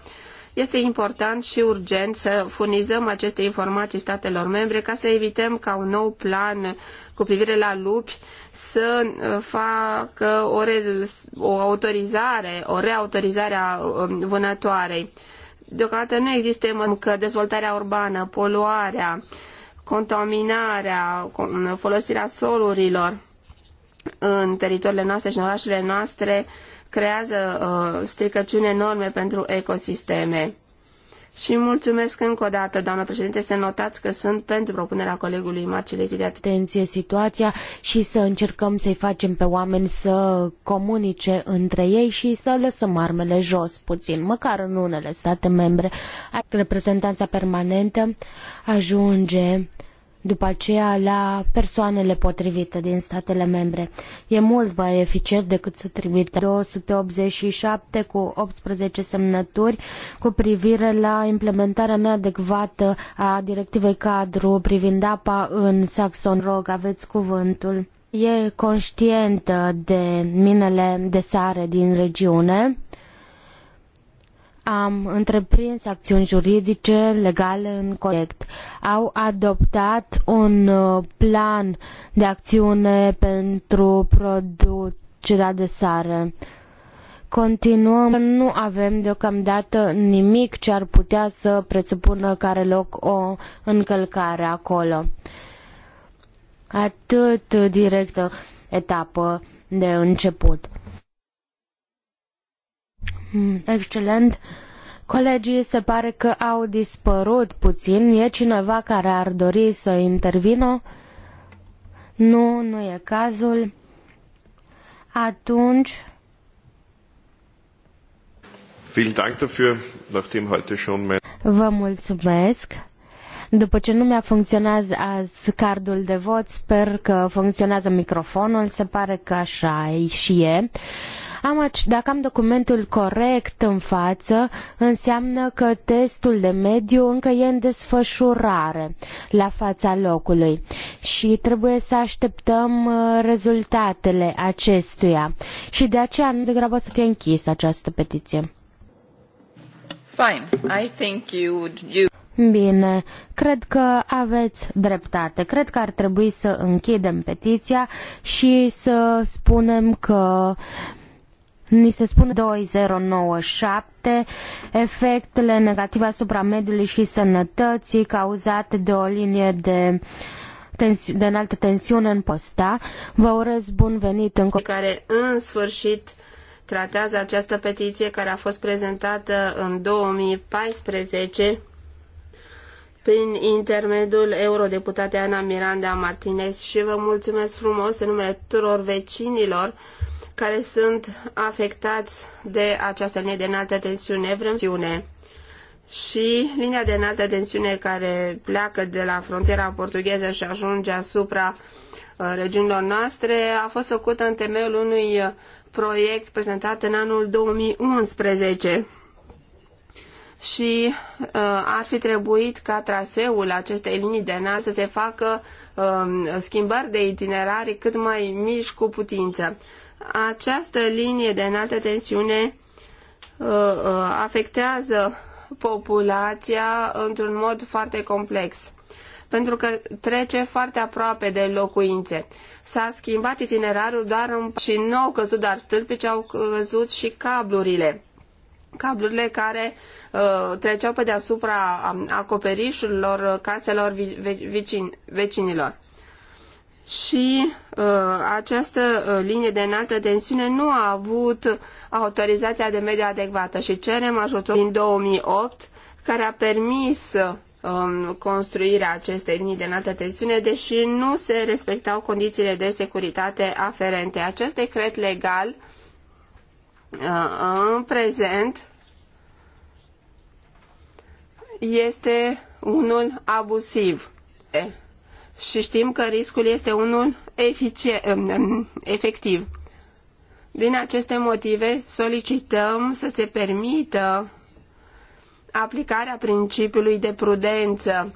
C: este important și urgent să furnizăm aceste informații statelor membre ca să evităm ca un nou plan cu privire la lupi să uh, facă o, re- o autorizare, o reautorizare a um, vânătoarei. Deocamdată nu există că dezvoltarea urbană, poluarea, contaminarea, folosirea solurilor în teritoriile noastre și în orașele noastre creează uh, stricăciuni enorme pentru ecosisteme. Și mulțumesc încă o dată, doamnă președinte, să notați că sunt pentru propunerea colegului Marcelezi de atenție situația
B: și să încercăm să-i facem pe oameni să comunice între ei și să lăsăm armele jos puțin, măcar în unele state membre. Reprezentanța permanentă ajunge după aceea la persoanele potrivite din statele membre. E mult mai eficient decât să trimite 287 cu 18 semnături cu privire la implementarea neadecvată a directivei cadru privind apa în Saxon-Rog. Aveți cuvântul. E conștientă de minele de sare din regiune am întreprins acțiuni juridice legale în corect. Au adoptat un uh, plan de acțiune pentru producerea de sare. Continuăm, nu avem deocamdată nimic ce ar putea să presupună că are loc o încălcare acolo. Atât uh, directă etapă de început. Mm, excelent. Colegii se pare că au dispărut puțin. E cineva care ar dori să intervină? Nu, nu e cazul. Atunci... Vă mulțumesc. După ce nu mi-a funcționat azi cardul de vot, sper că funcționează microfonul, se pare că așa și e. Uh, am, dacă am documentul corect în față, înseamnă că testul de mediu încă e în desfășurare la fața locului și trebuie să așteptăm uh, rezultatele acestuia. Și de aceea nu degrabă să fie închisă această petiție.
A: Fine. I think you would... you...
B: Bine, cred că aveți dreptate. Cred că ar trebui să închidem petiția și să spunem că Ni se spune 2097 efectele negative asupra mediului și sănătății cauzate de o linie de de înaltă tensiune în posta. Vă urez bun venit în care
C: în sfârșit tratează această petiție care a fost prezentată în 2014 prin intermediul eurodeputatei Ana Miranda Martinez și vă mulțumesc frumos în numele tuturor vecinilor care sunt afectați de această linie de înaltă tensiune, vremciune. Și linia de înaltă tensiune care pleacă de la frontiera portugheză și ajunge asupra uh, regiunilor noastre a fost făcută în temeiul unui uh, proiect prezentat în anul 2011 și uh, ar fi trebuit ca traseul acestei linii de înaltă să se facă uh, schimbări de itinerari cât mai mici cu putință. Această linie de înaltă tensiune uh, uh, afectează populația într-un mod foarte complex pentru că trece foarte aproape de locuințe. S-a schimbat itinerarul doar în... și nu au căzut doar stâlpi, ci au căzut și cablurile. Cablurile care uh, treceau pe deasupra um, acoperișurilor uh, caselor vi- vecinilor și uh, această uh, linie de înaltă tensiune nu a avut autorizația de mediu adecvată și cerem ajutor din 2008 care a permis um, construirea acestei linii de înaltă tensiune, deși nu se respectau condițiile de securitate aferente. Acest decret legal uh, în prezent este unul abusiv și știm că riscul este unul um, um, efectiv. Din aceste motive solicităm să se permită aplicarea principiului de prudență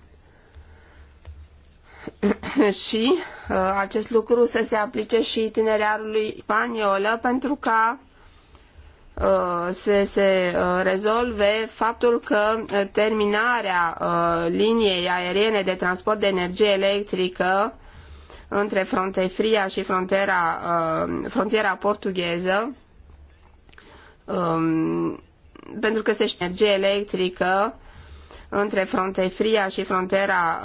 C: și uh, acest lucru să se aplice și itinerarului spaniolă pentru ca Uh, se, se uh, rezolve faptul că uh, terminarea liniei aeriene de transport de energie electrică între Frontefria și frontiera, frontiera portugheză, um, pentru că se știe energie electrică între Frontefria și frontiera,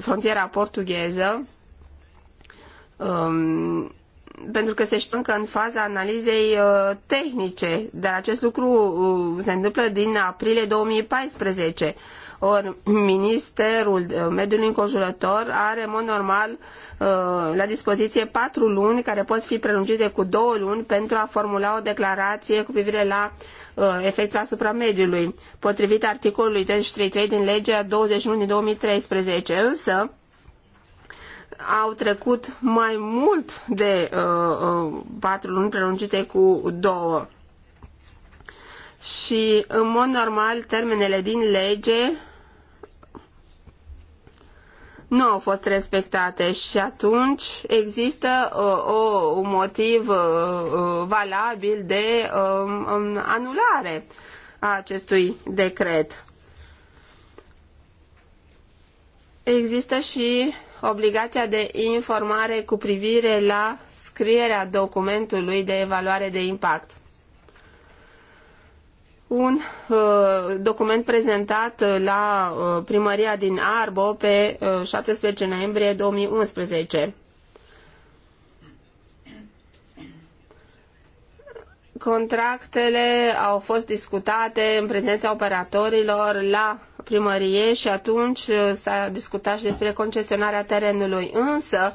C: frontiera portugheză, um, pentru că se știe că în faza analizei uh, tehnice, dar acest lucru uh, se întâmplă din aprilie 2014. Ori Ministerul uh, Mediului Înconjurător are, în mod normal, la dispoziție patru luni, care pot fi prelungite cu două luni, pentru a formula o declarație cu privire la efectul asupra mediului, potrivit articolului 33 din legea 21 din 2013. Însă, au trecut mai mult de uh, uh, patru luni prelungite cu două. Și, în mod normal, termenele din lege nu au fost respectate și atunci există uh, o, un motiv uh, uh valabil de uh, um, anulare a acestui decret. Există și obligația de informare cu privire la scrierea documentului de evaluare de impact. Un uh, document prezentat uh, la uh, primăria din Arbo pe uh, 17 noiembrie 2011. Contractele au fost discutate în prezența operatorilor la primărie și atunci uh, s-a discutat și despre concesionarea terenului, însă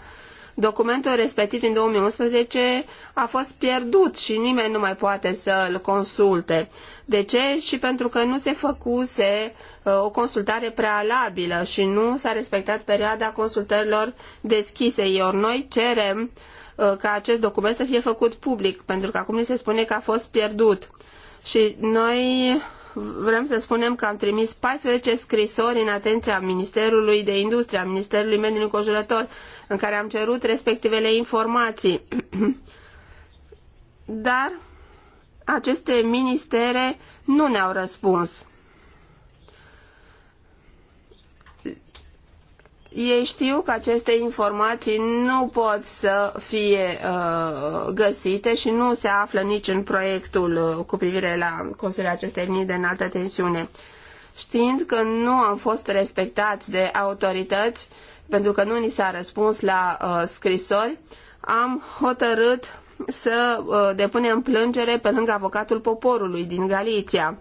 C: documentul respectiv din 2011 a fost pierdut și nimeni nu mai poate să-l consulte. De ce? Și pentru că nu se făcuse uh, o consultare prealabilă și nu s-a respectat perioada consultărilor deschise, iar noi cerem uh, ca acest document să fie făcut public, pentru că acum ni se spune că a fost pierdut. Și noi vrem să spunem că am trimis 14 scrisori în atenția Ministerului de Industrie, a Ministerului Mediului Înconjurător, în care am cerut respectivele informații. Dar aceste ministere nu ne-au răspuns. ei știu că aceste informații nu pot să fie uh, găsite și nu se află nici în proiectul uh, cu privire la construirea acestei linii de înaltă tensiune. Știind că nu am fost respectați de autorități, pentru că nu ni s-a răspuns la uh, scrisori, am hotărât să uh, depunem plângere pe lângă avocatul poporului din Galicia.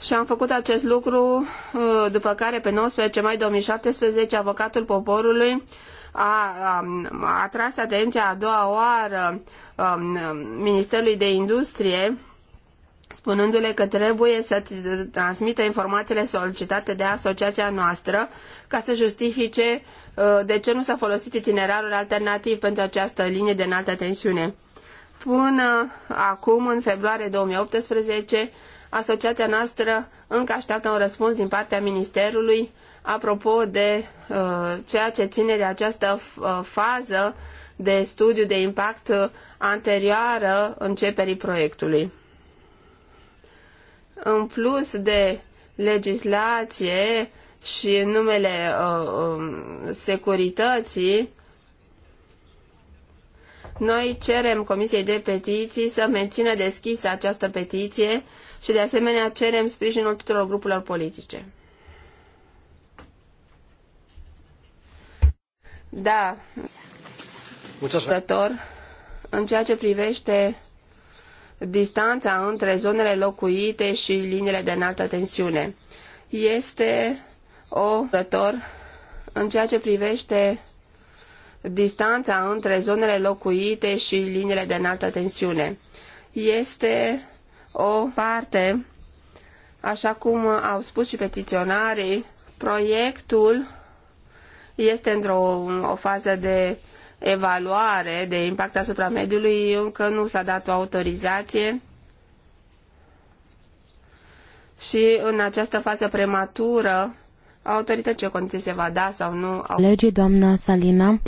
C: Și am făcut acest lucru, uh, după care pe 19 mai 2017 avocatul poporului a, a, a atras atenția a doua oară a, um, Ministerului de Industrie spunându-le că trebuie să transmită informațiile solicitate de asociația noastră ca să justifice uh, de ce nu s-a folosit itinerarul alternativ pentru această linie de înaltă tensiune. Până acum, în februarie 2018, Asociația noastră încă așteaptă un răspuns din partea Ministerului apropo de uh, ceea ce ține de această uh, fază de studiu de impact uh, anterioară începerii proiectului. În plus de legislație și în numele uh, um, securității, noi cerem Comisiei de Petiții să mențină deschisă această petiție și de asemenea cerem sprijinul tuturor grupurilor politice. Da, Mulțumesc. în ceea ce privește distanța între zonele locuite și liniile de înaltă tensiune. Este o rător în ceea ce privește distanța între zonele locuite și liniile de înaltă tensiune. Este o parte, așa cum au spus și petiționarii, proiectul este într-o o fază de evaluare de impact asupra mediului, încă nu s-a dat o autorizație și în această fază prematură autoritățile condiții se va da sau nu.
B: Lege doamna Salina.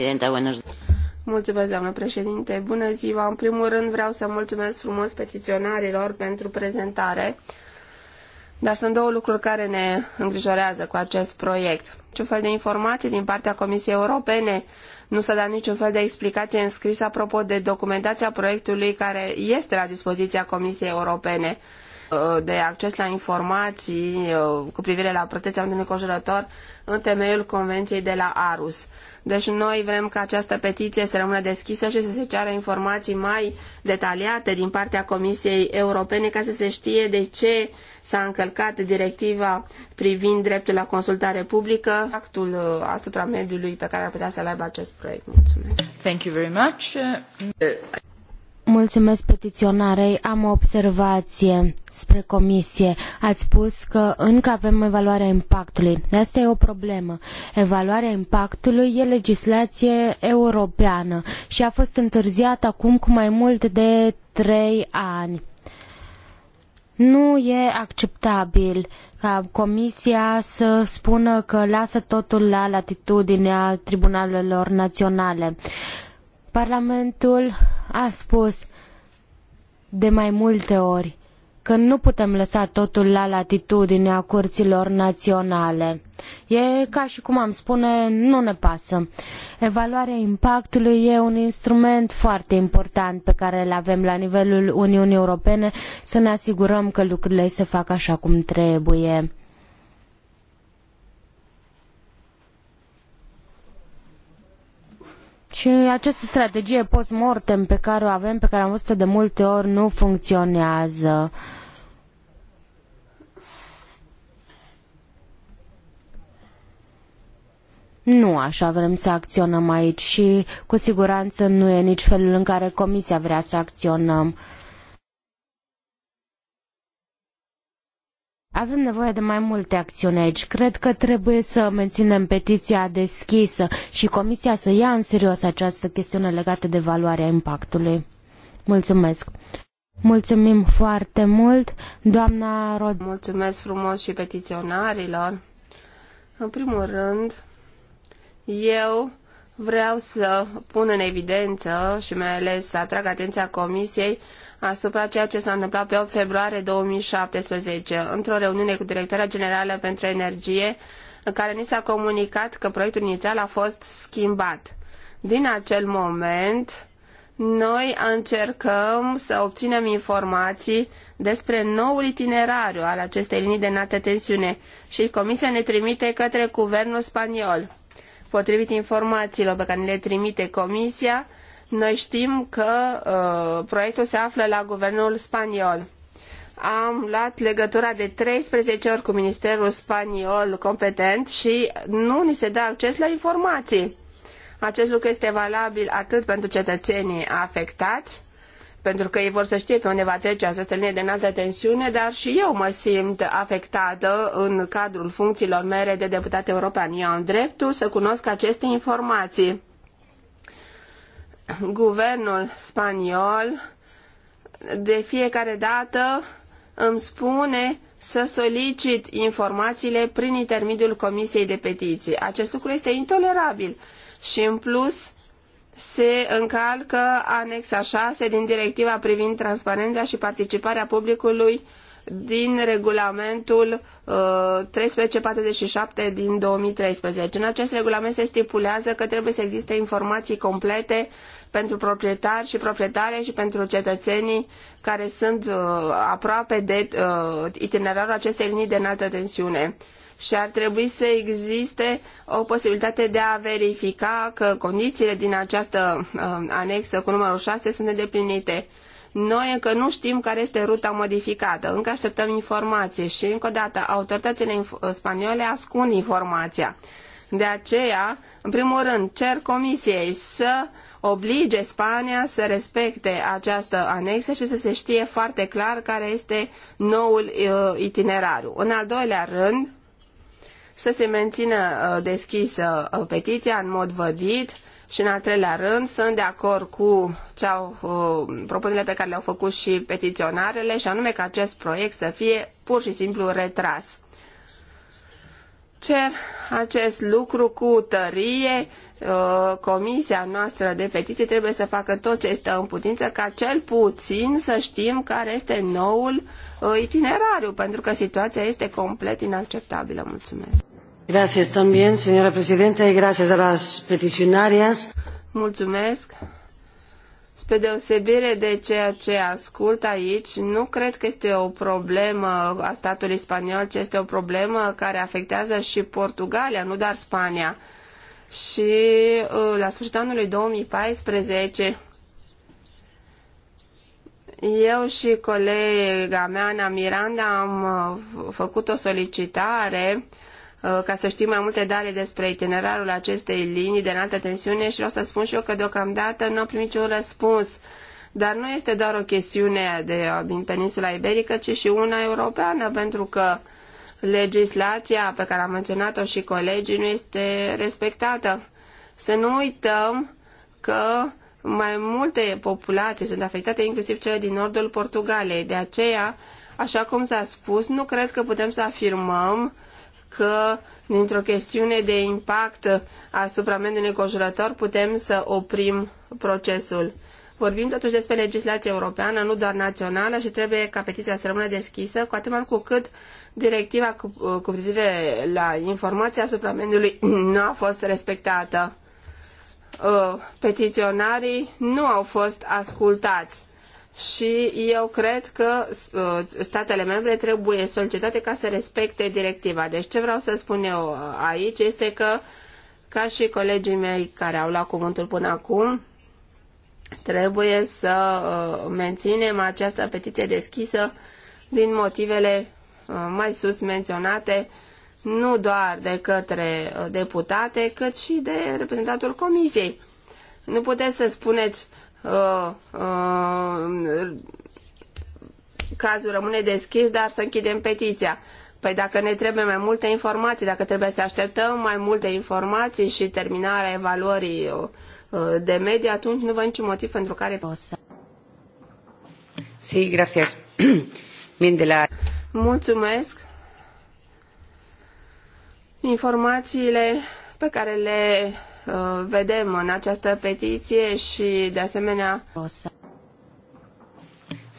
C: Mulțumesc, doamnă președinte. Bună ziua. În primul rând vreau să mulțumesc frumos petiționarilor pentru prezentare. Dar sunt două lucruri care ne îngrijorează cu acest proiect. Ce fel de informații din partea Comisiei Europene? Nu s-a dat niciun fel de explicație scris apropo de documentația proiectului care este la dispoziția Comisiei Europene. Uh, de acces la informații uh, cu privire la protecția unui înconjurător în temeiul Convenției de la Arus. Deci noi vrem ca această petiție să rămână deschisă și să se ceară informații mai detaliate din partea Comisiei Europene ca să se știe de ce s-a încălcat directiva privind dreptul la consultare publică, actul uh, asupra mediului pe care ar putea să-l aibă
A: acest proiect. Mulțumesc. Thank you very much.
B: Mulțumesc petiționarei. Am o observație spre comisie. Ați spus că încă avem evaluarea impactului. Asta e o problemă. Evaluarea impactului e legislație europeană și a fost întârziată acum cu mai mult de trei ani. Nu e acceptabil ca Comisia să spună că lasă totul la latitudinea tribunalelor naționale. Uh, Parlamentul a spus de mai multe ori că nu putem lăsa totul la latitudinea curților naționale. E ca și cum am spune, nu ne pasă. Evaluarea impactului e un instrument foarte important pe care îl avem la nivelul Uniunii Europene să ne asigurăm că lucrurile se fac așa cum trebuie. Și această strategie post-mortem pe care o avem, pe care am văzut-o de multe ori, nu funcționează. Nu așa vrem să acționăm aici și cu siguranță nu e nici felul în care Comisia vrea să acționăm. Avem nevoie de mai multe acțiuni aici. Cred că trebuie să menținem petiția deschisă și Comisia să ia în serios această chestiune legată de valoarea impactului. Mulțumesc! Mulțumim foarte mult,
C: doamna Rod. Mulțumesc frumos și petiționarilor. În primul rând, eu vreau să pun în evidență și mai ales să atrag atenția Comisiei asupra ceea ce s-a întâmplat pe 8 februarie 2017, într-o reuniune cu Directoarea Generală pentru Energie, în care ni s-a comunicat că proiectul inițial a fost schimbat. Din acel moment, noi încercăm să obținem informații despre noul itinerariu al acestei linii de înaltă tensiune și Comisia ne trimite către guvernul spaniol. Potrivit informațiilor pe care le trimite Comisia, noi știm că uh, proiectul se află la guvernul spaniol. Am luat legătura de 13 ori cu Ministerul Spaniol competent și nu ni se dă acces la informații. Acest lucru este valabil atât pentru cetățenii afectați, pentru că ei vor să știe pe unde va trece această linie de înaltă tensiune, dar și eu mă simt afectată în cadrul funcțiilor mele de deputat european. Eu am dreptul să cunosc aceste informații guvernul spaniol de fiecare dată îmi spune să solicit informațiile prin intermediul Comisiei de Petiții. Acest lucru este intolerabil și în plus se încalcă anexa 6 din directiva privind transparența și participarea publicului din regulamentul uh, 1347 din 2013. În acest regulament se stipulează că trebuie să existe informații complete uh, pentru proprietari și proprietare și pentru cetățenii care sunt uh, aproape de uh, itinerarul acestei linii de înaltă tensiune. Și ar trebui să existe o posibilitate de a verifica că condițiile din această uh, anexă cu numărul 6 sunt îndeplinite. Noi încă nu știm care este ruta modificată, încă așteptăm informații și, încă o dată, autoritățile uh, spaniole ascund informația. De aceea, în primul rând, cer comisiei să oblige Spania să respecte această anexă și să se știe foarte clar care este noul uh, itinerariu. În al doilea rând, să se mențină uh, deschisă uh, petiția în mod vădit și în al treilea rând sunt de acord cu cea, propunerile pe care le-au făcut și petiționarele și anume că acest proiect să fie pur și simplu retras. Cer acest lucru cu tărie Uh, comisia noastră de petiții trebuie să facă tot ce stă în putință ca cel puțin să știm care este noul uh, itinerariu, pentru că situația este complet inacceptabilă. Mulțumesc. Gracias también, señora Presidente, gracias a las peticionarias. Mulțumesc. Spre deosebire de ceea ce ascult aici, nu cred că este o problemă a statului spaniol, ci este o problemă care afectează și Portugalia, nu doar Spania și uh, la sfârșitul anului 2014 eu și colega mea, Ana Miranda, am uh, făcut o solicitare uh, ca să știu mai multe detalii despre itinerarul acestei linii de înaltă tensiune și vreau să spun și eu că deocamdată nu am primit niciun răspuns. Dar nu este doar o chestiune de, din peninsula iberică, ci și una europeană, pentru că uh, legislația pe care am menționat-o și colegii nu este respectată. Să nu uităm că mai multe populații sunt afectate, inclusiv cele din nordul Portugalei. De aceea, așa cum s-a spus, nu cred că putem să afirmăm că dintr-o chestiune de impact asupra mediului înconjurător putem să oprim procesul. Vorbim totuși despre legislație europeană, nu doar națională și trebuie ca petiția să rămână deschisă, cu atât mai cu cât directiva cu, cu privire la informația asupra mediului nu a fost respectată. Uh, petiționarii nu au fost ascultați și eu cred că uh, statele membre trebuie solicitate ca să respecte directiva. Deci ce vreau să spun eu uh, aici este că, ca și colegii mei care au luat cuvântul până acum, Trebuie să uh, menținem această petiție deschisă din motivele uh, mai sus menționate, nu doar de către uh, deputate, cât și de reprezentantul comisiei. Nu puteți să spuneți uh, uh, cazul rămâne deschis, dar să închidem petiția. Păi dacă ne trebuie mai multe informații, dacă trebuie să așteptăm mai multe informații și terminarea evaluării Uh, de medie atunci nu văd niciun motiv pentru care... Sí, gracias. Bien de la... Mulțumesc. Informațiile pe care le uh, vedem în această petiție și de asemenea...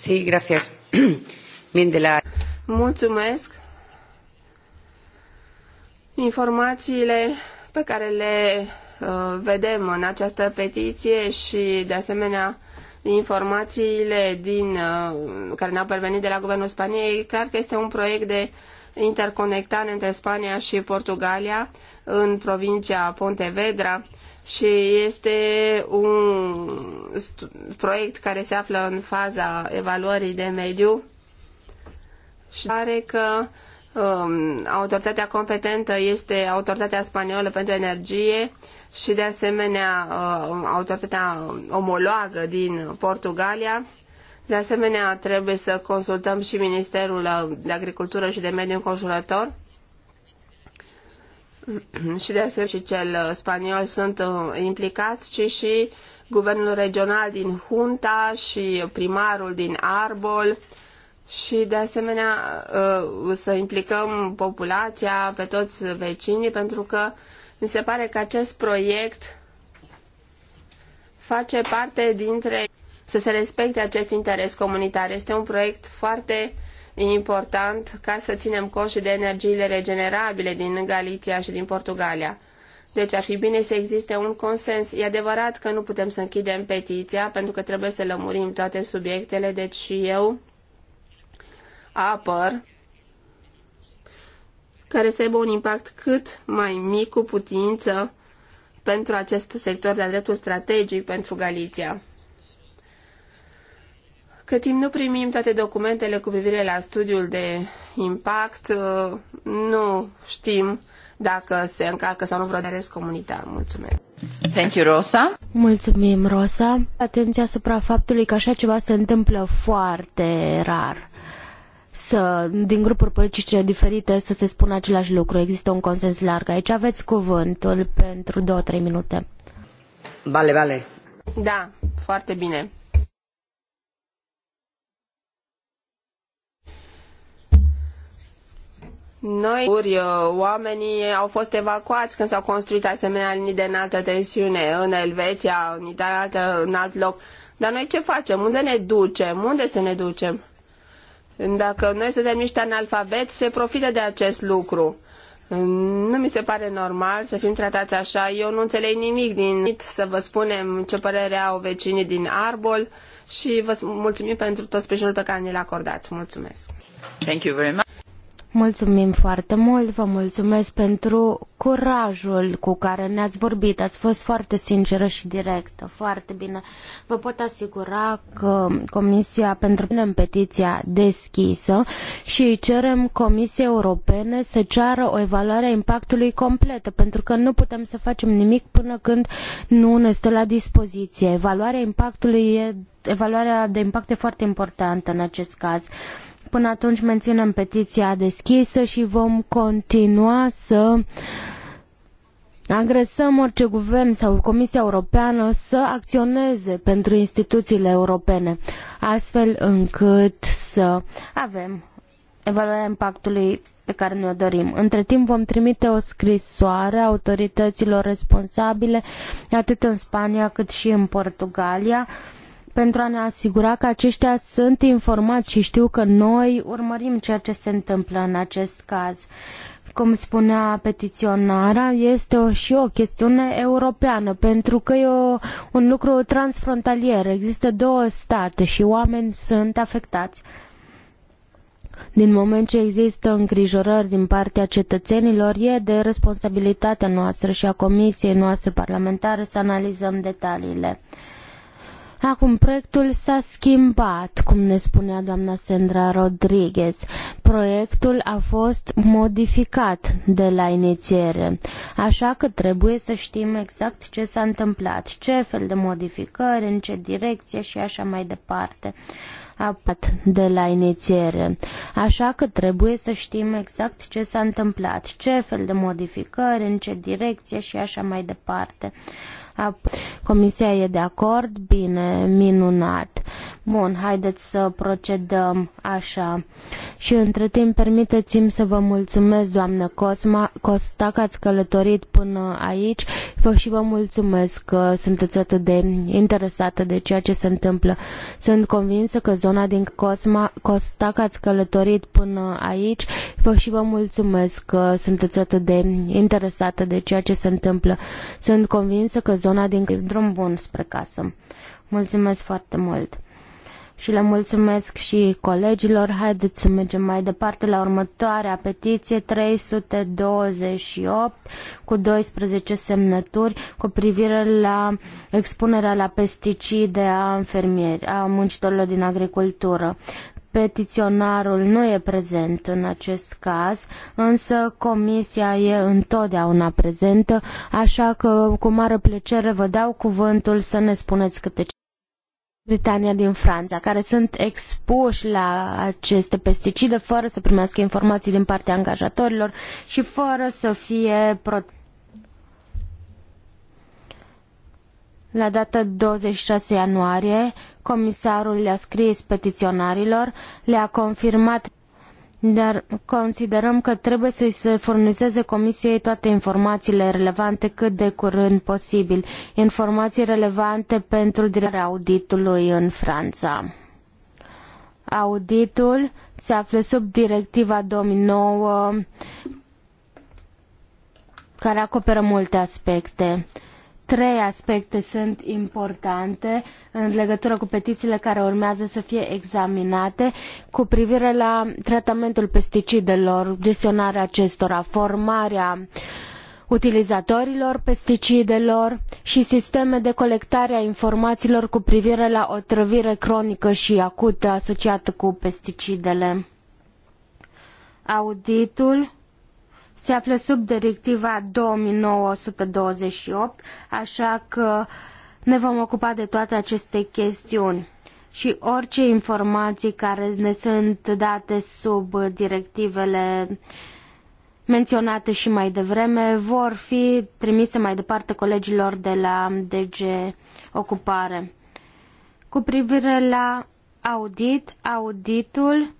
C: Sí, gracias. Bien de la... Mulțumesc. Informațiile pe care le Uh, vedem în această petiție și, de asemenea, informațiile din, uh, care ne-au pervenit de la Guvernul Spaniei, e clar că este un proiect de interconectare între Spania și Portugalia în provincia Pontevedra și este un proiect care se află în faza evaluării de mediu și pare că Um, autoritatea competentă este autoritatea spaniolă pentru energie și de asemenea uh, autoritatea omologă din Portugalia. De asemenea, trebuie să consultăm și Ministerul de Agricultură și de Mediu Înconjurător și de asemenea și cel spaniol sunt uh, implicați, ci și guvernul regional din Junta și primarul din Arbol și de asemenea uh, să implicăm populația, pe toți vecinii, pentru că mi se pare că acest proiect face parte dintre să se respecte acest interes comunitar. Este un proiect foarte important ca să ținem cont și de energiile regenerabile din Galicia și din Portugalia. Deci ar fi bine să existe un consens. E adevărat că nu putem să închidem petiția pentru că trebuie să lămurim toate subiectele, deci și eu apăr, care să aibă un impact cât mai mic cu putință pentru acest sector de-a dreptul strategic pentru Galicia. Cât timp nu primim toate documentele cu privire la studiul de impact, nu știm dacă se încalcă sau nu vreo de comunitar. Mulțumesc.
A: Thank you, Rosa.
B: Mulțumim, Rosa. Atenția asupra faptului că așa ceva se întâmplă foarte rar să, din grupuri politice diferite să se spună același lucru. Există un consens larg aici. Aveți cuvântul pentru două-trei minute.
C: Vale, vale. Da, foarte bine. Noi, uri, uh, oamenii au fost evacuați când s-au construit asemenea linii de înaltă tensiune în Elveția, în Italia, în alt loc. Dar noi ce facem? Unde ne ducem? Unde să ne ducem? Dacă noi suntem niște analfabeti, se profită de acest lucru. Nu mi se pare normal să fim tratați așa. Eu nu înțeleg nimic din să vă spunem ce părere au vecinii din Arbol și vă mulțumim pentru tot sprijinul pe care ne-l acordați. Mulțumesc. Thank you very much.
B: Mulțumim foarte mult, vă mulțumesc pentru curajul cu care ne-ați vorbit. Ați fost foarte sinceră și directă, foarte bine. Vă pot asigura că Comisia pentru în petiția deschisă și cerem Comisiei Europene să ceară o evaluare a impactului completă, pentru că nu putem să facem nimic până când nu ne stă la dispoziție. Evaluarea impactului e, evaluarea de impact e foarte importantă în acest caz. Uh, Până atunci menținem petiția deschisă și vom continua să agresăm orice guvern sau Comisia Europeană să acționeze pentru instituțiile europene, astfel încât să avem evaluarea impactului pe care ne-o dorim. Între timp vom trimite o scrisoare autorităților responsabile, atât în Spania cât și în Portugalia, uh, pentru a ne asigura că aceștia sunt informați și știu că noi urmărim ceea ce se întâmplă în acest caz. Cum spunea petiționara, este o, și o chestiune europeană, pentru că e o, un lucru transfrontalier. Există două state și oameni sunt afectați. Din moment ce există îngrijorări din partea cetățenilor, e de responsabilitatea noastră și a Comisiei noastre parlamentare să analizăm detaliile. Acum proiectul s-a schimbat, cum ne spunea doamna Sandra Rodriguez. Proiectul a fost modificat de la inițiere, așa că trebuie să știm exact ce s-a întâmplat, ce fel de modificări, în ce direcție și așa mai departe apat de la inițiere. Așa că trebuie să știm exact ce s-a întâmplat, ce fel de modificări, în ce direcție și așa mai departe Comisia e de acord? Bine, minunat. Bun, haideți să procedăm așa. Și între timp, permiteți-mi să vă mulțumesc, doamnă Cosma, Costa, că ați călătorit până aici vă și vă mulțumesc că sunteți atât de interesată de ceea ce se întâmplă. Sunt convinsă că zona din Cosma, Costa, că ați călătorit până aici vă și vă mulțumesc că sunteți atât de interesată de ceea ce se întâmplă. Sunt convinsă că zona zona din drum bun spre casă. Mulțumesc foarte mult! Și le mulțumesc și colegilor. Haideți să mergem mai departe la următoarea petiție 328 cu 12 semnături cu privire la expunerea la pesticide a, a muncitorilor din agricultură. Petiționarul nu e prezent în acest caz, însă comisia e întotdeauna prezentă, așa că cu mare plăcere vă dau cuvântul să ne spuneți câte Britania din Franța, care sunt expuși la aceste pesticide fără să primească informații din partea angajatorilor și fără să fie protejate La data 26 ianuarie, comisarul le-a scris petiționarilor, le-a confirmat dar considerăm că trebuie să-i se furnizeze comisiei toate informațiile relevante cât de curând posibil, informații relevante pentru direcția auditului în Franța. Auditul se află sub directiva 2009 care acoperă multe aspecte. Trei aspecte sunt importante în legătură cu petițiile care urmează să fie examinate cu privire la tratamentul pesticidelor, gestionarea acestora, formarea utilizatorilor pesticidelor și sisteme de colectare a informațiilor cu privire la otrăvire cronică și acută asociată cu pesticidele. Auditul se află sub directiva 2928, așa că ne vom ocupa de toate aceste chestiuni și orice informații care ne sunt date sub directivele menționate și mai devreme vor fi trimise mai departe colegilor de la DG Ocupare. Cu privire la audit, auditul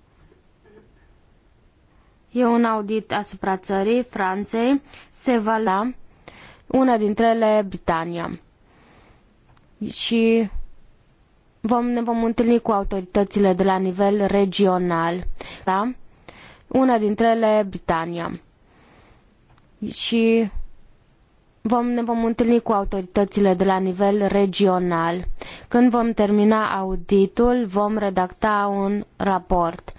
B: E un audit asupra țării, Franței, se va la una dintre ele Britania. Și vom, ne vom întâlni cu autoritățile de la nivel regional, da? Una dintre ele Britania. Și vom, ne vom întâlni cu autoritățile de la nivel regional. Când vom termina auditul, vom redacta un raport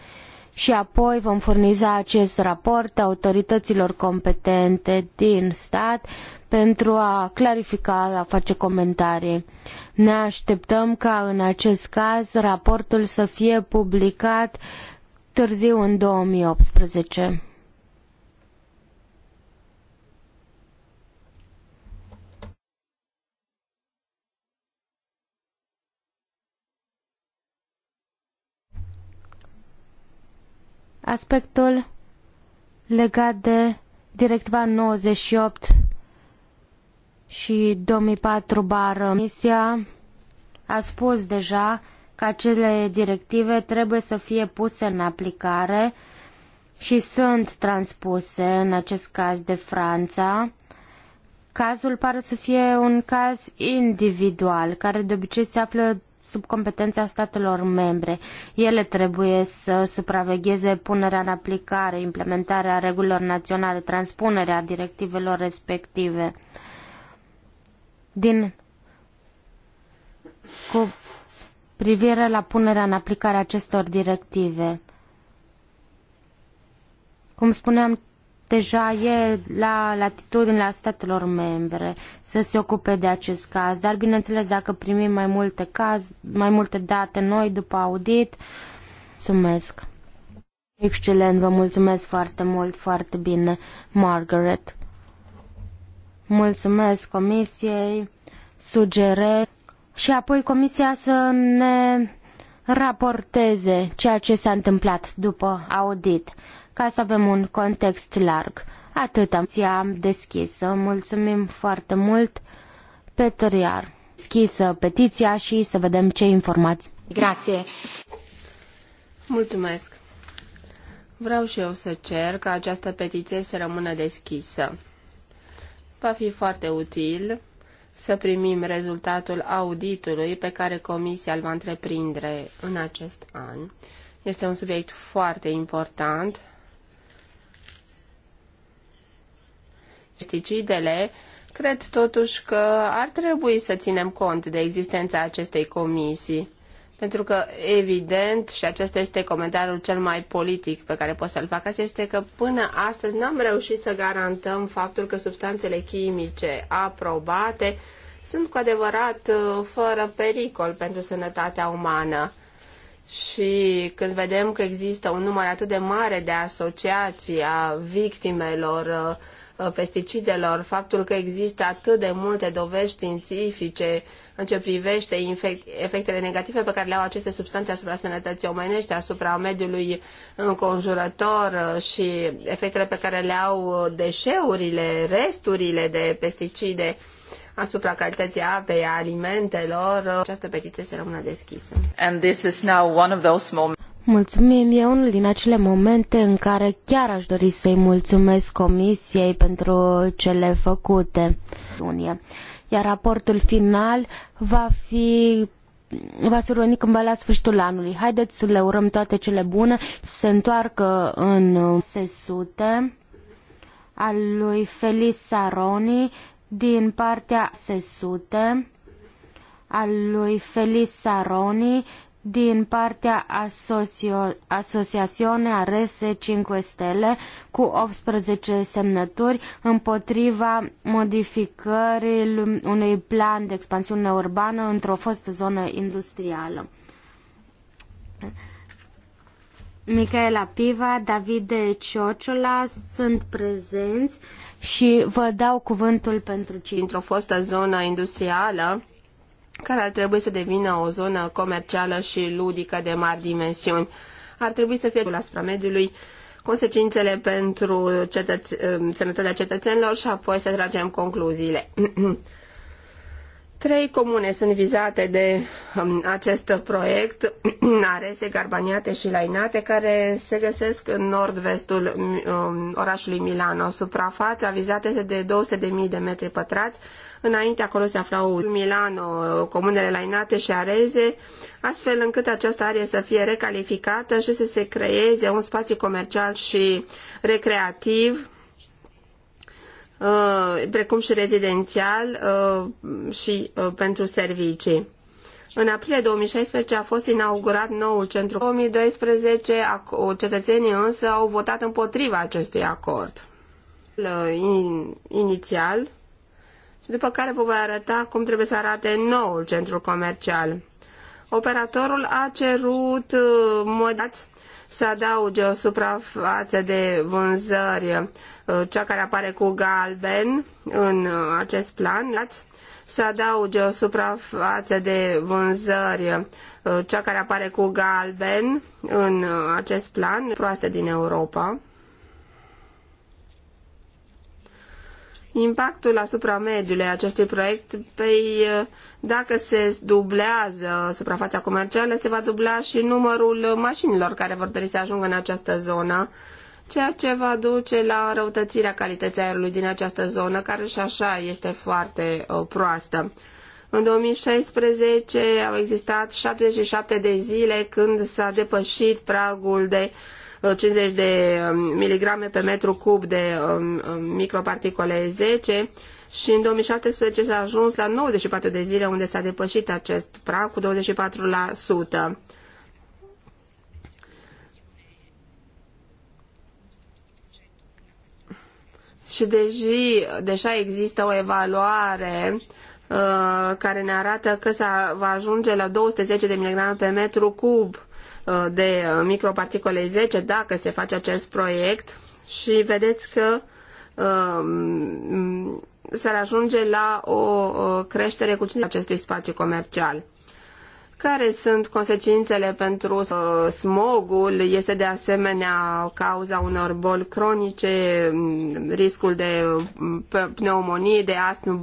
B: și apoi vom furniza acest raport autorităților competente din stat pentru a clarifica, a face comentarii. Ne așteptăm ca în acest caz raportul să fie publicat târziu în 2018. aspectul legat de Directiva 98 și 2004 bară. Misia a spus deja că acele directive trebuie să fie puse în aplicare și sunt transpuse, în acest caz de Franța. Cazul pare să fie un caz individual, care de obicei se află sub competența statelor membre. Ele trebuie să supravegheze punerea în aplicare, implementarea regulilor naționale, transpunerea directivelor respective. Din cu privire la punerea în aplicare acestor directive. Cum spuneam, deja e la latitudinea statelor membre să se ocupe de acest caz, dar bineînțeles dacă primim mai multe caz, mai multe date noi după audit, mulțumesc. Excelent, vă mulțumesc foarte mult, foarte bine, Margaret. Mulțumesc comisiei, sugere și apoi comisia să ne raporteze ceea ce s-a întâmplat după audit ca să avem un context larg. Atât am ți-am deschisă. Mulțumim foarte mult, Peter Iar. Deschisă uh, petiția și să vedem ce informații.
C: Grație. Mulțumesc. Vreau și eu să cer ca această petiție să rămână deschisă. Va fi foarte util să primim rezultatul auditului pe care Comisia îl va întreprinde în acest an. Este un subiect foarte important pesticidele, cred totuși că ar trebui să ținem cont de existența acestei comisii. Pentru că, evident, și acesta este comentariul cel mai politic pe care pot să-l fac, este că până astăzi n-am reușit să garantăm faptul că substanțele chimice aprobate sunt cu adevărat uh, fără pericol pentru sănătatea umană. Și când vedem că există un număr atât de mare de asociații a victimelor uh, Uh, pesticidelor, faptul că există atât de multe dovezi științifice în ce privește efectele negative pe care le au aceste substanțe asupra sănătății omenești, asupra mediului înconjurător uh, și efectele pe care le au deșeurile, resturile de pesticide asupra calității apei, a alimentelor. Această petiție se rămână deschisă.
A: And this is now one of those moments.
B: Mulțumim, e unul din acele momente în care chiar aș dori să-i mulțumesc Comisiei pentru cele făcute. Iar raportul final va fi va surveni cândva la sfârșitul anului. Haideți să le urăm toate cele bune, se întoarcă în sesute al lui Felice Saroni din partea sesute al lui Felice Saroni din partea asocio- Asociațiunea Rese 5 Stele cu 18 semnături împotriva modificării unui plan de expansiune urbană într-o fostă zonă industrială. Micaela Piva, Davide Ciociola sunt prezenți
C: și vă dau cuvântul pentru cine. Într-o fostă zonă industrială, care ar trebui să devină o zonă comercială și ludică de mari dimensiuni. Ar trebui să fie asupra mediului consecințele pentru cetăț- sănătatea cetățenilor și apoi să tragem concluziile. Trei comune sunt vizate de um, acest proiect, Arese, Garbaniate și Lainate, care se găsesc în nord-vestul um, orașului Milano. Suprafața vizată este de 200.000 de metri pătrați. Înainte acolo se aflau Milano, comunele Lainate și Areze, astfel încât această arie să fie recalificată și să se creeze un spațiu comercial și recreativ Uh, precum și rezidențial uh, și uh, pentru servicii. În aprilie 2016 a fost inaugurat noul centru. În 2012 cetățenii însă au votat împotriva acestui acord inițial și după care vă voi arăta cum trebuie să arate noul centru comercial. Operatorul a cerut modați să adauge o suprafață de vânzări, uh, cea care apare cu galben în uh, acest plan, să adauge o suprafață de vânzări, uh, cea care apare cu galben în acest plan, proaste din Europa. impactul asupra mediului acestui proiect, păi dacă se dublează suprafața comercială, se va dubla și numărul mașinilor care vor dori să ajungă în această zonă, ceea ce va duce la înrăutățirea calității aerului din această zonă, care și așa este foarte proastă. În 2016 au existat 77 de zile când s-a depășit pragul de 50 de um, miligrame pe metru cub de um, um, microparticole 10 și în 2017 s-a ajuns la 94 de zile unde s-a depășit acest prag cu 24%. Și deși, deja există o evaluare uh, care ne arată că va ajunge la 210 de miligrame pe metru cub Uh, de uh, microparticole 10 dacă se face acest proiect și vedeți că um, s-ar ajunge la o uh, creștere cu 5 acestui spațiu comercial. Care sunt consecințele pentru uh, smogul? Este de asemenea cauza unor boli cronice, mm, riscul de mm, pneumonie, de astm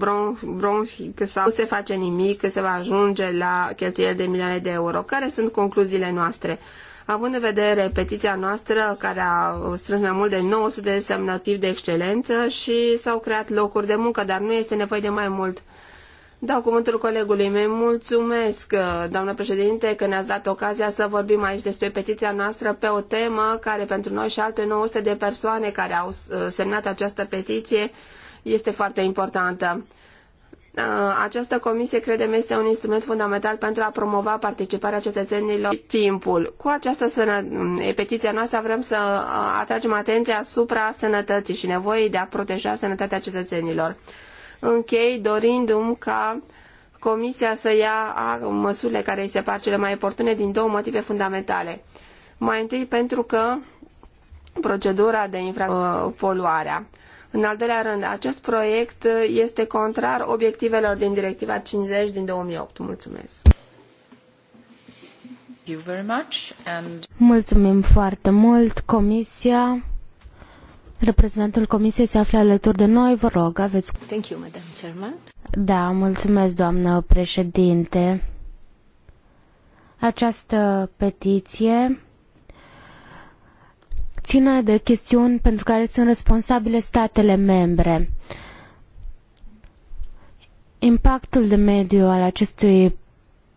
C: bronhic sau nu se face nimic, se va ajunge la cheltuieli de milioane de euro. Care sunt concluziile noastre? Având în vedere petiția noastră, care a strâns mai mult de 900 de semnătiri de excelență și s-au creat locuri de muncă, dar nu este nevoie de mai mult. Dau cuvântul colegului meu. Mulțumesc, uh, doamnă președinte, că ne-ați dat ocazia să vorbim aici despre petiția noastră pe o temă care pentru noi și alte 900 de persoane care au uh, semnat această petiție este foarte importantă. Uh, această comisie, credem, este un instrument fundamental pentru a promova participarea cetățenilor timpul. Cu această sănă... Mm, petiție noastră vrem să atragem atenția asupra sănătății și nevoii de a proteja sănătatea cetățenilor închei dorindu-mi ca Comisia să ia măsurile care îi se par cele mai oportune din două motive fundamentale. Mai întâi pentru că procedura de infrapoluarea. Uh, În al doilea rând, acest proiect este contrar obiectivelor din Directiva 50 din 2008. Mulțumesc!
B: Mulțumim foarte mult, Comisia. Reprezentantul Comisiei se află alături de noi. Vă rog, aveți... Thank you, Madam Chairman. Da, mulțumesc, doamnă președinte. Această petiție ține de chestiuni pentru care sunt responsabile statele membre. Impactul de mediu al acestui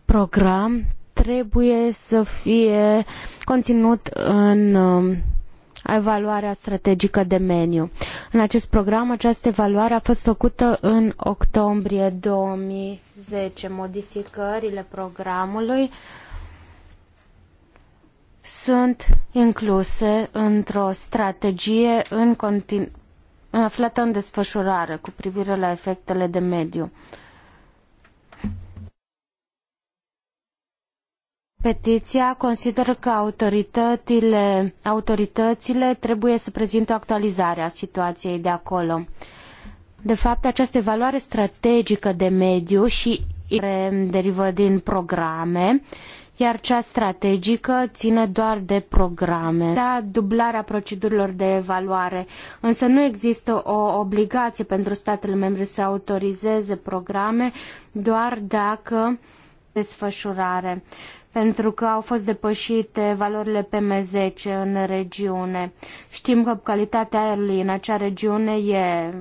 B: program trebuie să fie conținut în um, evaluarea strategică de mediu. În acest program, această evaluare a fost făcută în octombrie 2010. Modificările programului sunt incluse într-o strategie în continu- aflată în desfășurare cu privire la efectele de mediu. Petiția consideră că autoritățile, autoritățile trebuie să prezinte o actualizare a situației de acolo. De fapt, această evaluare strategică de mediu și care derivă din programe, iar cea strategică ține doar de programe. Da, dublarea procedurilor de evaluare, însă nu există o obligație pentru statele membre să autorizeze programe doar dacă desfășurare pentru că au fost depășite valorile PM10 în regiune. Știm că calitatea aerului în acea regiune e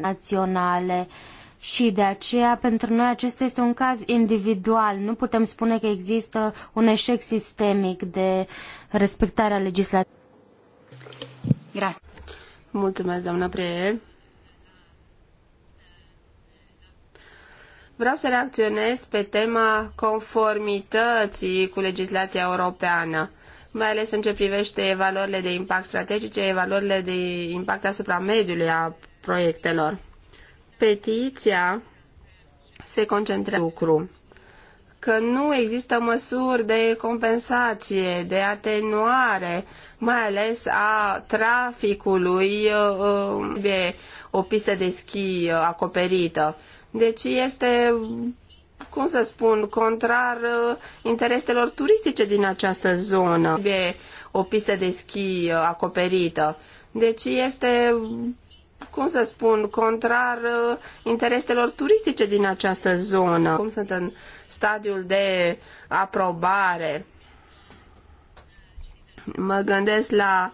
B: națională și de aceea pentru noi acesta este un caz individual. Nu putem spune că există un eșec sistemic de respectarea legislației. Mulțumesc, doamna
C: Preie. Vreau să reacționez pe tema conformității cu legislația europeană, mai ales în ce privește evaluările de impact strategice, evaluările de impact asupra mediului a proiectelor. Petiția se concentrează lucru că nu există măsuri de compensație, de atenuare, mai ales a traficului, uh, uh, o pistă de schi uh, acoperită. Deci este, cum să spun, contrar uh, intereselor turistice din această zonă. E o pistă de schi uh, acoperită. Deci este, cum să spun, contrar uh, intereselor turistice din această zonă. Cum sunt în stadiul de aprobare. Mă gândesc la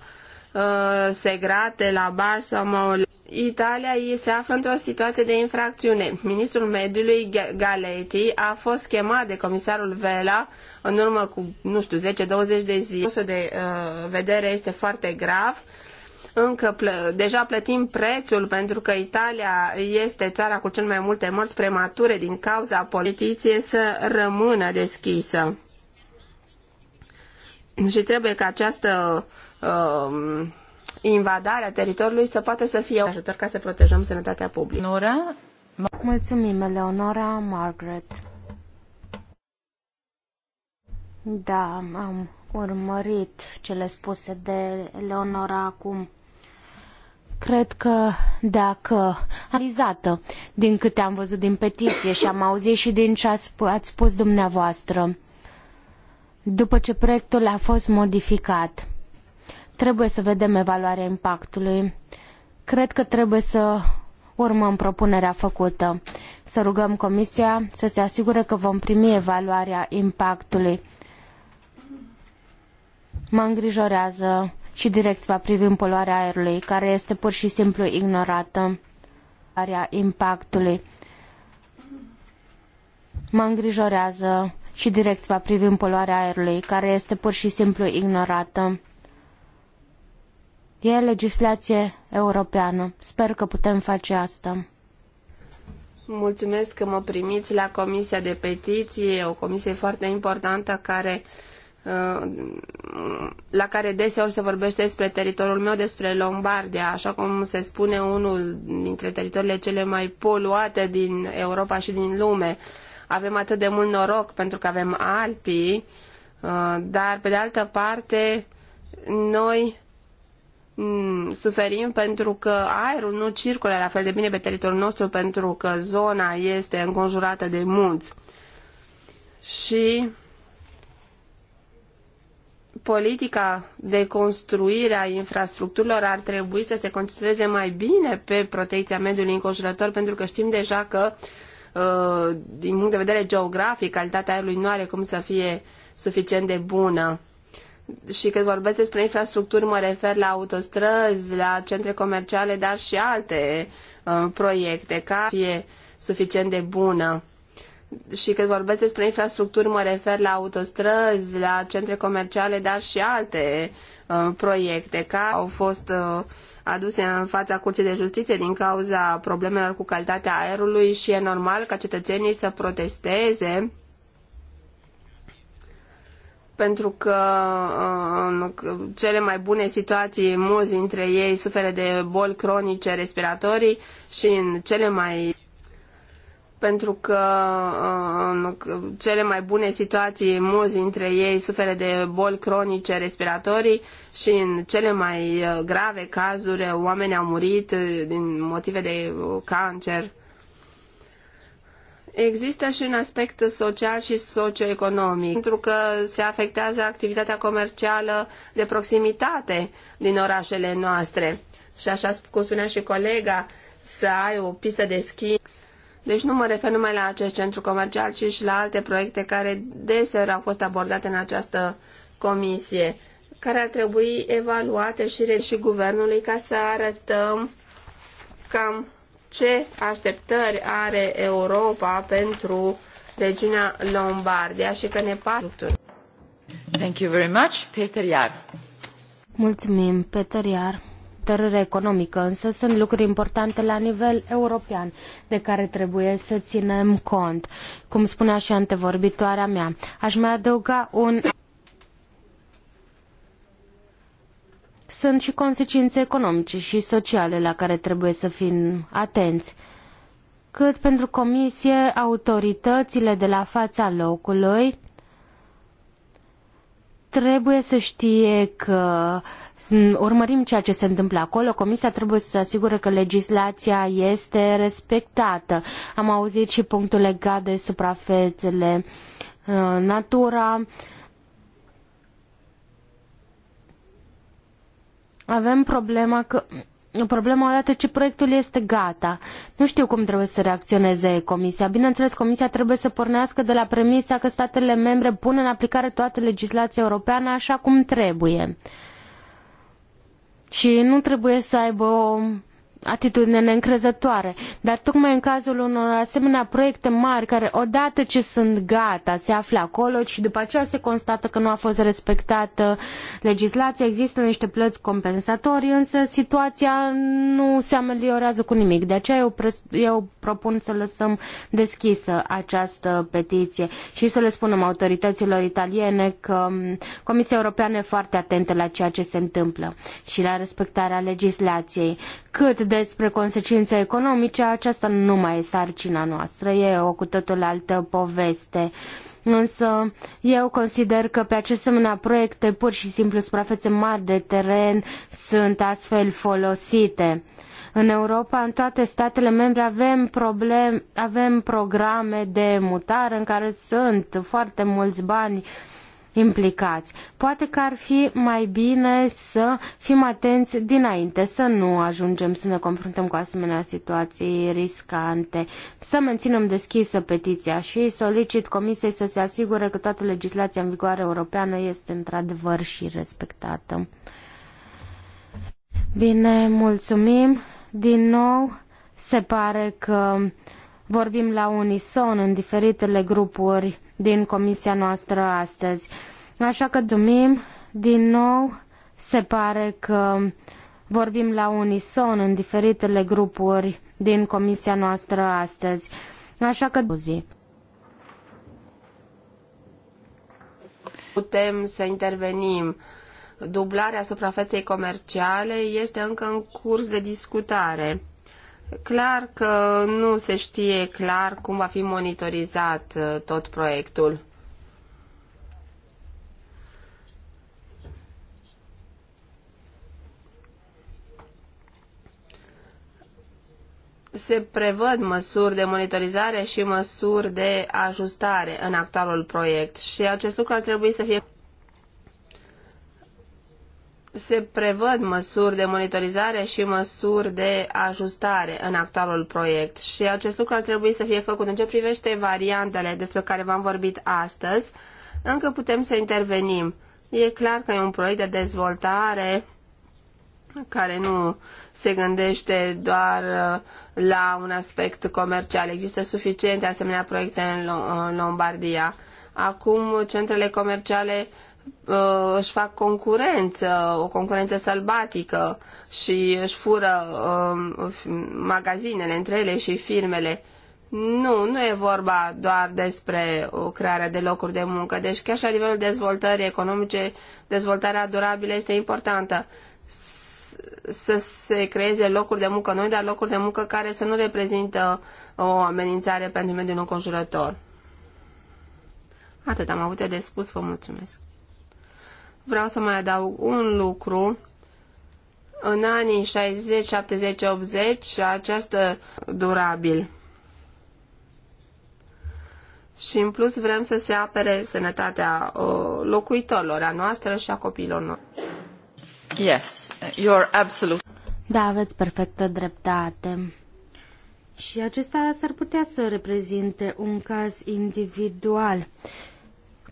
C: uh, Segrate, la Balsamo, Italia se află într-o situație de infracțiune. Ministrul mediului Galeti a fost chemat de comisarul Vela în urmă cu, nu știu, 10-20 de zile. Cursul de uh, vedere este foarte grav. Încă plă, deja plătim prețul pentru că Italia este țara cu cel mai multe morți premature din cauza politiției să rămână deschisă. Și trebuie ca această uh, invadarea teritoriului să poată să fie ajutor ca să protejăm sănătatea publică. Nora? Mulțumim, Eleonora Margaret.
B: Da, am urmărit cele spuse de Leonora. acum. Cred că dacă analizată din câte am văzut din petiție și am auzit și din ce ați spus dumneavoastră, după ce proiectul a fost modificat, Trebuie să vedem evaluarea impactului. Cred că trebuie să urmăm propunerea făcută. Să rugăm Comisia să se asigure că vom primi evaluarea impactului. Mă îngrijorează și directiva privind poluarea aerului, care este pur și simplu ignorată. Area impactului. Mă îngrijorează și directiva privind poluarea aerului, care este pur și simplu ignorată. E legislație europeană. Sper că putem face asta.
C: Mulțumesc că mă primiți la Comisia de Petiții, o comisie foarte importantă care uh, la care deseori se vorbește despre teritoriul meu, despre Lombardia, așa cum se spune unul dintre teritoriile cele mai poluate din Europa și din lume. Avem atât de mult noroc pentru că avem Alpii, uh, dar pe de altă parte noi Mm, suferim pentru că aerul nu circulă la fel de bine pe teritoriul nostru pentru că zona este înconjurată de munți. Și politica de construire a infrastructurilor ar trebui să se concentreze mai bine pe protecția mediului înconjurător pentru că știm deja că uh, din punct de vedere geografic calitatea aerului nu are cum să fie suficient de bună și când vorbesc despre infrastructuri mă refer la autostrăzi, la centre comerciale, dar și alte uh, proiecte, ca fie suficient de bună. Și când vorbesc despre infrastructuri mă refer la autostrăzi, la centre comerciale, dar și alte uh, proiecte, ca au fost uh, aduse în fața Curții de Justiție din cauza problemelor cu calitatea aerului și e normal ca cetățenii să protesteze pentru că în uh, cele mai bune situații, mulți dintre ei suferă de boli cronice respiratorii și în cele mai pentru că în uh, cele mai bune situații, mulți dintre ei suferă de boli cronice respiratorii și în cele mai uh, grave cazuri oamenii au murit din motive de cancer. Există și un aspect social și socioeconomic, pentru că se afectează activitatea comercială de proximitate din orașele noastre. Și așa cum spunea și colega, să ai o pistă de schi. Deci nu mă refer numai la acest centru comercial, ci și la alte proiecte care deseori au fost abordate în această comisie, care ar trebui evaluate și, și guvernului ca să arătăm cam ce așteptări are Europa pentru regiunea Lombardia și că ne par
A: Thank you very much, Peter Iar.
B: Mulțumim, Peter Iar. Tărâre economică, însă sunt lucruri importante la nivel european de care trebuie să ținem cont. Cum spunea și antevorbitoarea mea, aș mai adăuga un sunt și consecințe economice și sociale la care trebuie să fim atenți. Cât pentru comisie, autoritățile de la fața locului trebuie să știe că urmărim ceea ce se întâmplă acolo. Comisia trebuie să se asigure că legislația este respectată. Am auzit și punctul legat de suprafețele, uh, natura, uh, avem problema că problema odată ce proiectul este gata. Nu știu cum trebuie să reacționeze Comisia. Bineînțeles, Comisia trebuie să pornească de la premisa că statele membre pun în aplicare toată legislația europeană așa cum trebuie. Și nu trebuie să aibă o atitudine neîncrezătoare, dar tocmai în cazul unor asemenea proiecte mari care odată ce sunt gata se află acolo și după aceea se constată că nu a fost respectată legislația, există niște plăți compensatorii, însă situația nu se ameliorează cu nimic. De aceea eu, eu propun să lăsăm deschisă această petiție și să le spunem autorităților italiene că mm, Comisia Europeană e foarte atentă la ceea ce se întâmplă și la respectarea legislației. Cât de despre consecințe economice, aceasta nu mai e sarcina noastră, e o cu totul altă poveste. Însă eu consider că pe asemenea proiecte pur și simplu suprafețe mari de teren sunt astfel folosite. În Europa, în toate statele membre, avem, problem, avem programe de mutare în care sunt foarte mulți bani uh, implicați. Poate că ar fi mai bine să fim atenți dinainte, să nu ajungem să ne confruntăm cu asemenea situații riscante, să menținem deschisă petiția și solicit Comisiei să se asigure că toată legislația în vigoare europeană este într-adevăr și respectată. Bine, mulțumim. Din nou, se pare că vorbim la unison în diferitele grupuri din comisia noastră astăzi. Așa că dumim, din nou, se pare că vorbim la unison în diferitele grupuri din comisia noastră astăzi. Așa că zi.
C: Putem să intervenim. Dublarea suprafeței comerciale este încă în curs de discutare Clar că nu se știe clar cum va fi monitorizat uh, tot proiectul. se prevăd măsuri de monitorizare și măsuri de ajustare în actualul proiect și acest lucru ar trebui să fie se prevăd măsuri de monitorizare și măsuri de ajustare în actualul proiect și acest lucru ar trebui să fie făcut în ce privește variantele despre care v-am vorbit astăzi. Încă putem să intervenim. E clar că e un proiect de dezvoltare care nu se gândește doar uh, la un aspect comercial. Există suficiente asemenea proiecte în Lombardia. Acum centrele comerciale uh, își fac concurență, o concurență sălbatică și își fură uh, magazinele între ele și firmele. Nu, nu e vorba doar despre o uh, creare de locuri de muncă, deci chiar și la nivelul dezvoltării economice, dezvoltarea durabilă este importantă. Să se creeze locuri de muncă noi, dar locuri de muncă care să nu reprezintă uh, o amenințare pentru mediul înconjurător. Atât am avut eu de spus, vă mulțumesc. Vreau să mai adaug un lucru. În anii 60, 70, 80, această durabil. Și în plus vrem să se apere sănătatea locuitorilor, a noastră și a copiilor noștri.
B: Yes,
A: you're absolute.
B: Da, aveți perfectă dreptate.
A: Și acesta s-ar
B: putea să reprezinte un caz individual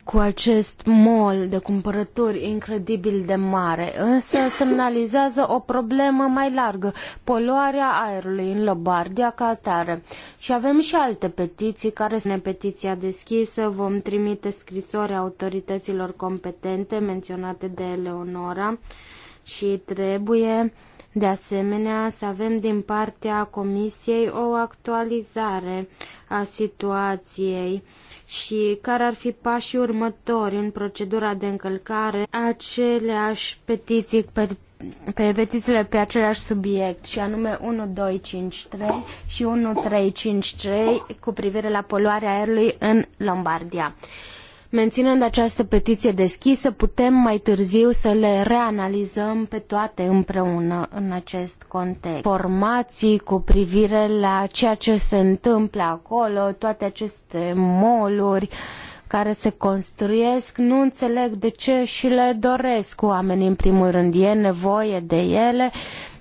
B: cu acest mol de cumpărături incredibil de mare, însă semnalizează o problemă mai largă, poluarea aerului în Lombardia ca atare. Și avem și alte petiții care sunt petiția deschisă, vom trimite scrisori autorităților competente menționate de Eleonora și trebuie de asemenea, să avem din partea Comisiei o actualizare a situației și care ar fi pașii următori în procedura de încălcare aceleași petiții pe, pe petițiile pe același subiect, și anume 1253 și 1353 cu privire la poluarea aerului în Lombardia. Menținând această petiție deschisă, putem mai târziu să le reanalizăm pe toate împreună în acest context. Formații cu privire la ceea ce se întâmplă acolo, toate aceste moluri care se construiesc, nu înțeleg de ce și le doresc oamenii în primul rând. E nevoie de ele.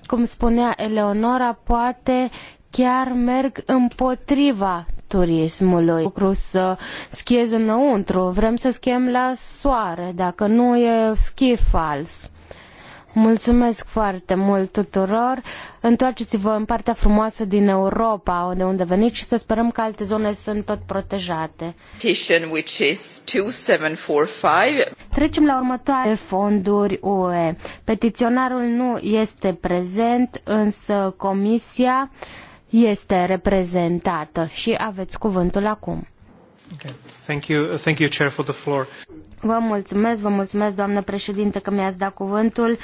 B: Cum spunea Eleonora, poate chiar merg împotriva turismului. Lucru să schiez înăuntru, vrem să schiem la soare, dacă nu e schi fals. Mulțumesc foarte mult tuturor. Întoarceți-vă în partea frumoasă din Europa, de unde veniți și să sperăm că alte zone sunt tot protejate. Trecem la următoare fonduri UE. Petiționarul nu este prezent, însă comisia este reprezentată și aveți cuvântul acum.
A: Okay. Thank you, thank you, Chair, for the floor.
B: Vă mulțumesc, vă mulțumesc, doamnă președinte, că mi-ați dat cuvântul.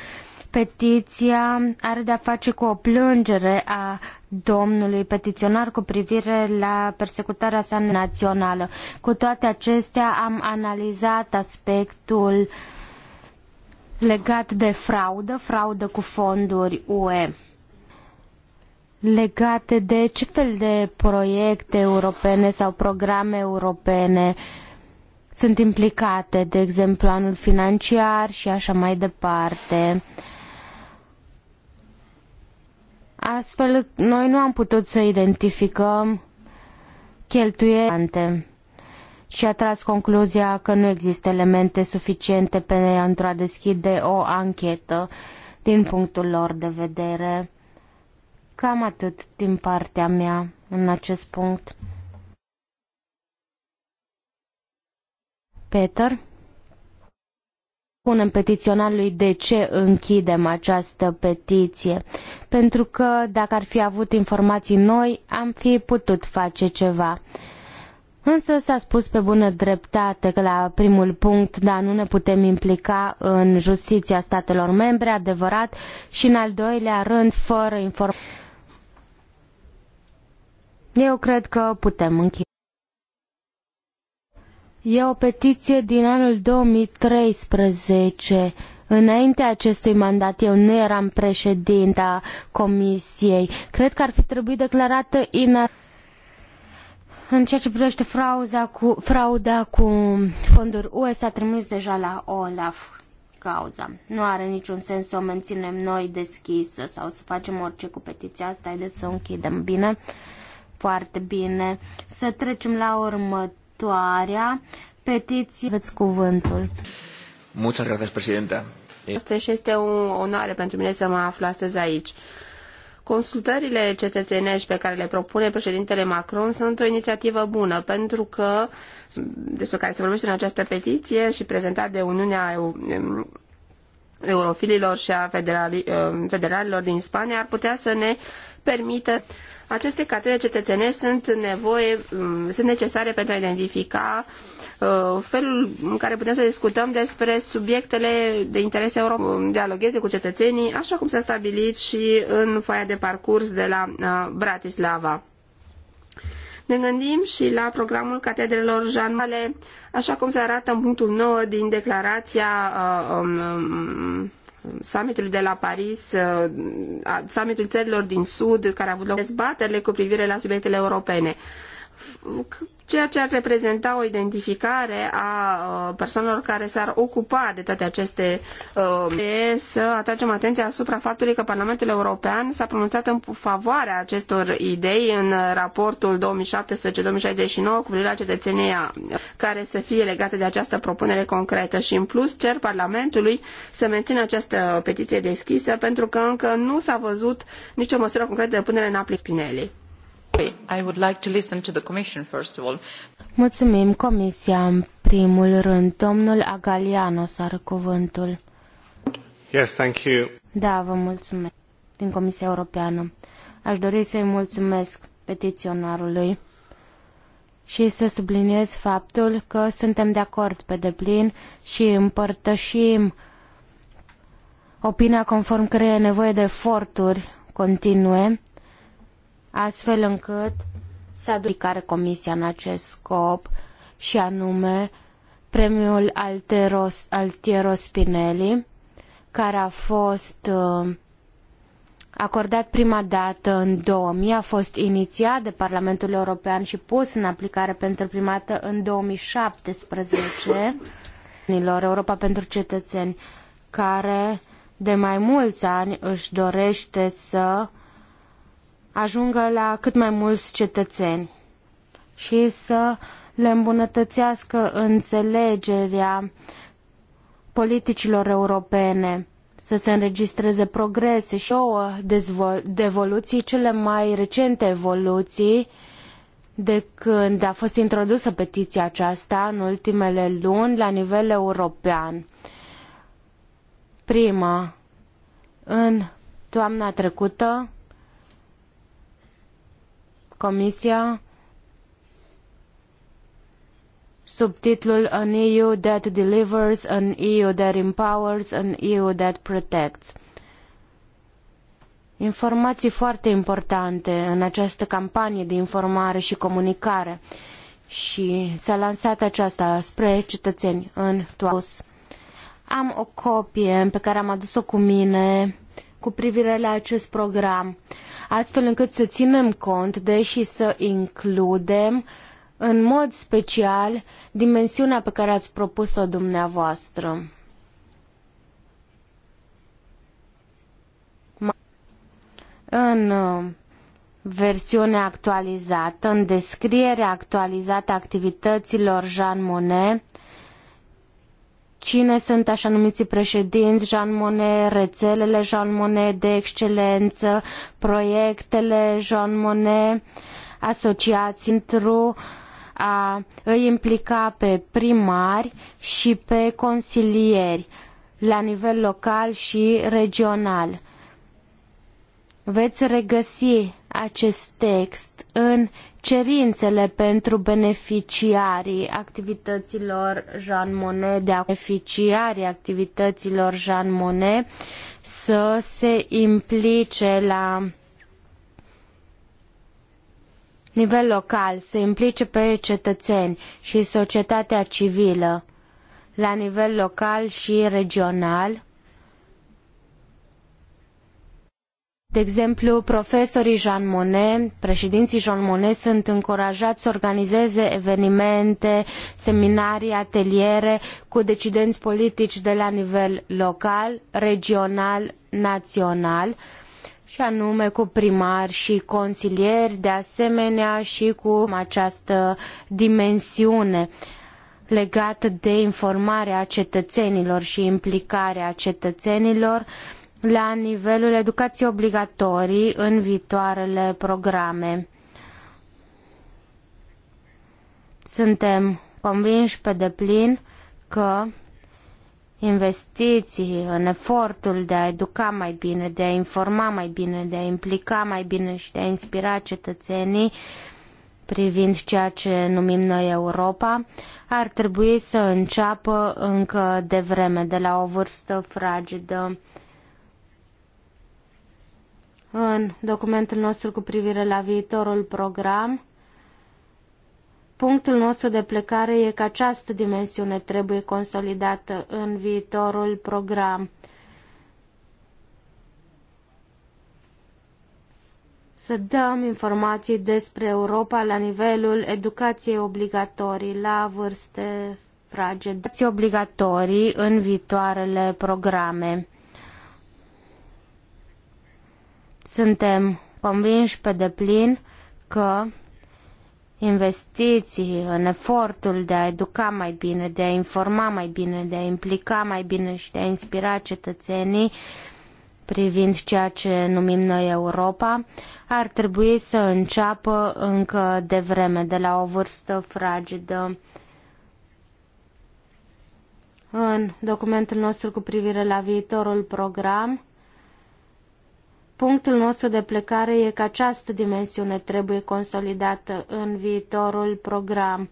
B: Petiția are de-a face cu o plângere a domnului petiționar cu privire la persecutarea sa națională. Cu toate acestea am analizat aspectul legat de fraudă, fraudă cu fonduri UE legate de ce fel de proiecte europene sau programe europene sunt implicate, de exemplu anul financiar și așa mai departe. Astfel, noi nu am putut să identificăm cheltuielante și a tras concluzia că nu există elemente suficiente pentru a deschide o anchetă din punctul lor de vedere. Cam atât din partea mea în acest punct. Peter? Punem petiționarului de ce închidem această petiție, pentru că dacă ar fi avut informații noi, am fi putut face ceva. Însă s-a spus pe bună dreptate că la primul punct, da, nu ne putem implica în justiția statelor membre, adevărat, și în al doilea rând, fără informații eu cred că putem închide. E o petiție din anul 2013. Înainte acestui mandat eu nu eram președinta comisiei. Cred că ar fi trebuit declarată inar în ceea ce privește frauza cu, frauda cu fonduri UE s-a trimis deja la OLAF cauza. Nu are niciun sens să o menținem noi deschisă sau să facem orice cu petiția asta, haideți să o închidem, bine? Foarte bine. Să trecem la următoarea
C: petiție. Veți cuvântul.
A: Muchas gracias, presidenta.
C: Asta și este o onoare pentru mine să mă aflu astăzi aici. Consultările cetățenești pe care le propune președintele Macron sunt o inițiativă bună, pentru că, despre care se vorbește în această petiție și prezentat de Uniunea Eurofililor și a federali, Federalilor din Spania, ar putea să ne permită aceste cartele cetățenești sunt, nevoie, mm, sunt necesare pentru a identifica uh, felul în care putem să discutăm despre subiectele de interes european, mm, dialogheze cu cetățenii, așa cum s-a stabilit și în foaia de parcurs de la uh, Bratislava. Ne gândim și la programul catedrelor janale, așa cum se arată în punctul 9 din declarația uh, um, um summitul de la Paris, uh, summitul țărilor din Sud, care a avut loc dezbaterile cu privire la subiectele europene ceea ce ar reprezenta o identificare a persoanelor care s-ar ocupa de toate aceste e să atragem atenția asupra faptului că Parlamentul European s-a pronunțat în favoarea acestor idei în raportul 2017-2069 cu privire la cetățenia care să fie legată de această propunere concretă și în plus cer Parlamentului să mențină această petiție deschisă pentru că încă nu s-a văzut nicio măsură concretă de punere în aplicare
A: Spinelli. I
C: Mulțumim comisia
B: în primul rând. Domnul Agalianos are cuvântul. Yes, Da, vă mulțumesc. Din Comisia Europeană. Aș dori să-i mulțumesc petiționarului și să subliniez faptul că suntem de acord pe deplin și împărtășim opinia conform căreia e nevoie de eforturi continue astfel încât să aducă comisia în acest scop și anume premiul Altero, Altiero Spinelli, care a fost uh, acordat prima dată în 2000, a fost inițiat de Parlamentul European și pus în aplicare pentru prima dată în 2017. Europa pentru cetățeni care de mai mulți ani își dorește să ajungă la cât mai mulți cetățeni și să le îmbunătățească înțelegerea politicilor europene, să se înregistreze progrese și două devoluții, cele mai recente evoluții de când a fost introdusă petiția aceasta în ultimele luni la nivel european. Prima, în toamna trecută, Comisia sub titlul An EU that delivers, an EU that empowers, an EU that protects. Informații foarte importante în această campanie de informare și comunicare și s-a lansat aceasta spre cetățeni în Tuaus. Am o copie pe care am adus-o cu mine cu privire la acest program, astfel încât să ținem cont de și să includem în mod special dimensiunea pe care ați propus-o dumneavoastră. În uh, versiunea actualizată, în descrierea actualizată a activităților Jean Monnet, cine sunt așa numiții președinți, Jean Monnet, rețelele Jean Monnet de excelență, proiectele Jean Monnet, asociații într-o a îi implica pe primari și pe consilieri la nivel local și regional. Veți regăsi acest text în cerințele pentru beneficiarii activităților Jean Monnet, de a beneficiarii activităților Jean Monnet să se implice la nivel local, să implice pe cetățeni și societatea civilă la nivel local și regional De exemplu, profesorii Jean Monnet, președinții Jean Monnet sunt încurajați să organizeze evenimente, seminarii, ateliere cu decidenți politici de la nivel local, regional, național și anume cu primari și consilieri, de asemenea și cu această dimensiune legată de informarea cetățenilor și implicarea cetățenilor la nivelul educației obligatorii în viitoarele programe. Suntem convinși pe deplin că investiții în efortul de a educa mai bine, de a informa mai bine, de a implica mai bine și de a inspira cetățenii privind ceea ce numim noi Europa, ar trebui să înceapă încă de vreme, de la o vârstă fragedă în documentul nostru cu privire la viitorul program. Punctul nostru de plecare e că această dimensiune trebuie consolidată în viitorul program. Să dăm informații despre Europa la nivelul educației obligatorii la vârste fragede, obligatorii în viitoarele programe. Suntem convinși pe deplin că investiții în efortul de a educa mai bine, de a informa mai bine, de a implica mai bine și de a inspira cetățenii privind ceea ce numim noi Europa, ar trebui să înceapă încă de vreme, de la o vârstă fragedă. În documentul nostru cu privire la viitorul program, Punctul nostru de plecare e că această dimensiune trebuie consolidată în viitorul program.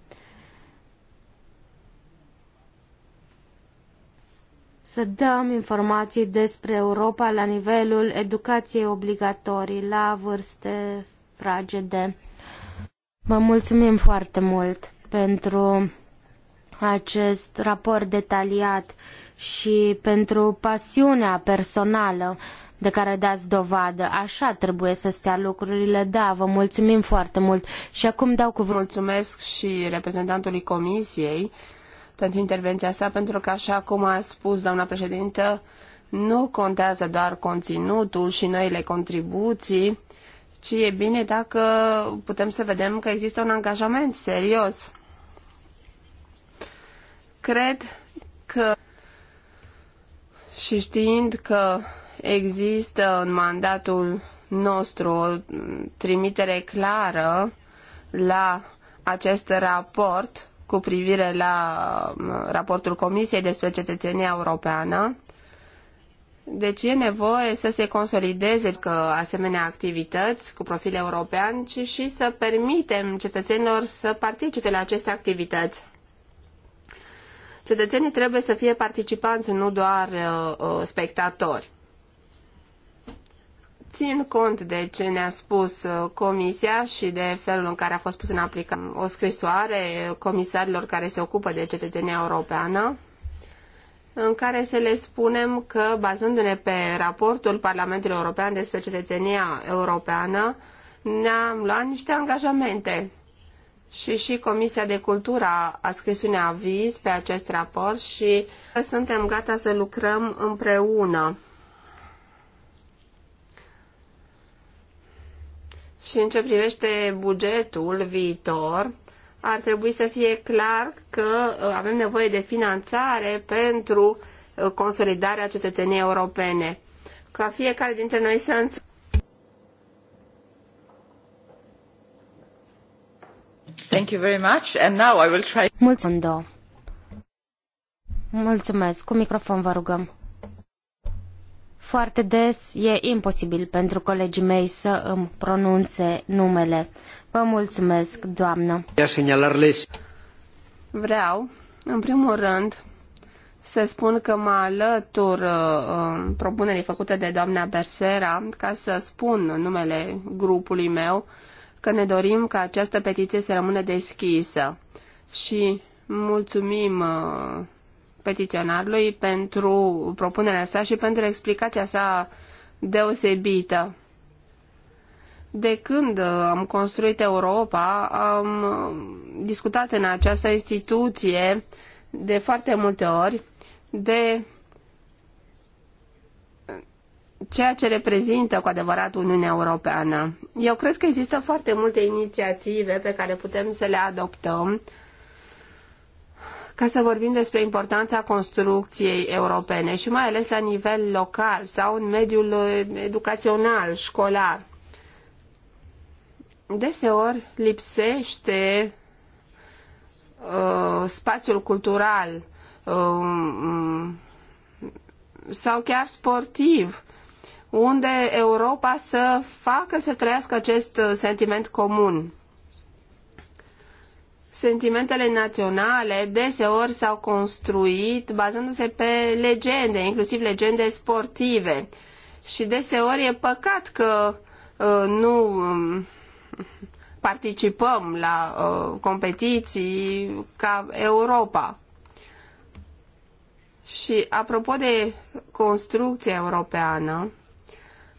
B: Să dăm informații despre Europa la nivelul educației obligatorii la vârste fragede. Vă mulțumim foarte mult pentru acest raport detaliat și pentru pasiunea personală de care dați dovadă. Așa trebuie să stea lucrurile. Da, vă
C: mulțumim foarte mult. Și acum dau cuvântul. Mulțumesc și reprezentantului comisiei pentru intervenția sa, pentru că, așa cum a spus doamna președintă, nu contează doar conținutul și noile contribuții, ci e bine dacă putem să vedem că există un angajament serios. Cred că și știind că există în mandatul nostru o trimitere clară la acest raport cu privire la um, raportul Comisiei despre cetățenia europeană. Deci e nevoie să se consolideze că asemenea activități cu profil european, ci și să permitem cetățenilor să participe la aceste activități. Cetățenii trebuie să fie participanți, nu doar uh, uh spectatori. Țin cont de ce ne-a spus uh, comisia și de felul în care a fost pus în aplicare o scrisoare comisarilor care se ocupă de cetățenia europeană, în care să le spunem că, bazându-ne pe raportul Parlamentului European despre cetățenia europeană, ne-am luat niște angajamente și și Comisia de Cultură a scris un aviz pe acest raport și suntem gata să lucrăm împreună. Și în ce privește bugetul viitor, ar trebui să fie clar că uh, avem nevoie de finanțare pentru uh, consolidarea cetățeniei europene. Ca fiecare dintre noi să înțelegem
A: Thank
B: Mulțumesc. Cu microfon vă rugăm. Foarte des e imposibil pentru colegii mei să îmi pronunțe
C: numele. Vă mulțumesc, doamnă. Vreau, în primul rând, să spun că mă alătur uh, uh, propunerii făcute de doamna Bersera ca să spun numele grupului meu uh, că ne dorim ca această petiție să rămână deschisă și mulțumim uh, petiționarului pentru propunerea sa și pentru explicația sa deosebită. De când uh, am construit Europa, am uh, discutat în această instituție de foarte multe ori de ceea ce reprezintă cu adevărat Uniunea Europeană. Eu cred că există foarte multe inițiative pe care putem să le adoptăm ca să vorbim despre importanța construcției europene și mai ales la nivel local sau în mediul educațional, școlar. Deseori lipsește uh, spațiul cultural uh, um, sau chiar sportiv unde Europa să facă să crească acest uh, sentiment comun. Sentimentele naționale deseori s-au construit bazându-se pe legende, inclusiv legende sportive. Și deseori e păcat că uh, nu um, participăm la uh, competiții ca Europa. Și apropo de construcția europeană,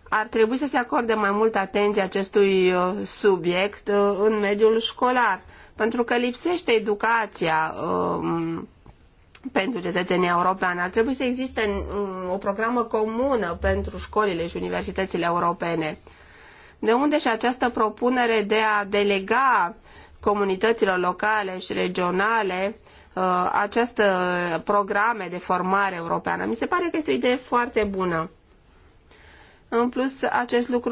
C: ar trebui să se acorde mai multă atenție acestui uh, subiect uh, în mediul școlar, pentru că lipsește educația um, pentru cetățenii europeni. Ar trebui să existe um, o programă comună pentru școlile și universitățile europene. De unde și această propunere de a delega comunităților locale și regionale uh, aceste programe de formare europeană. Mi se pare că este o idee foarte bună. În plus, acest lucru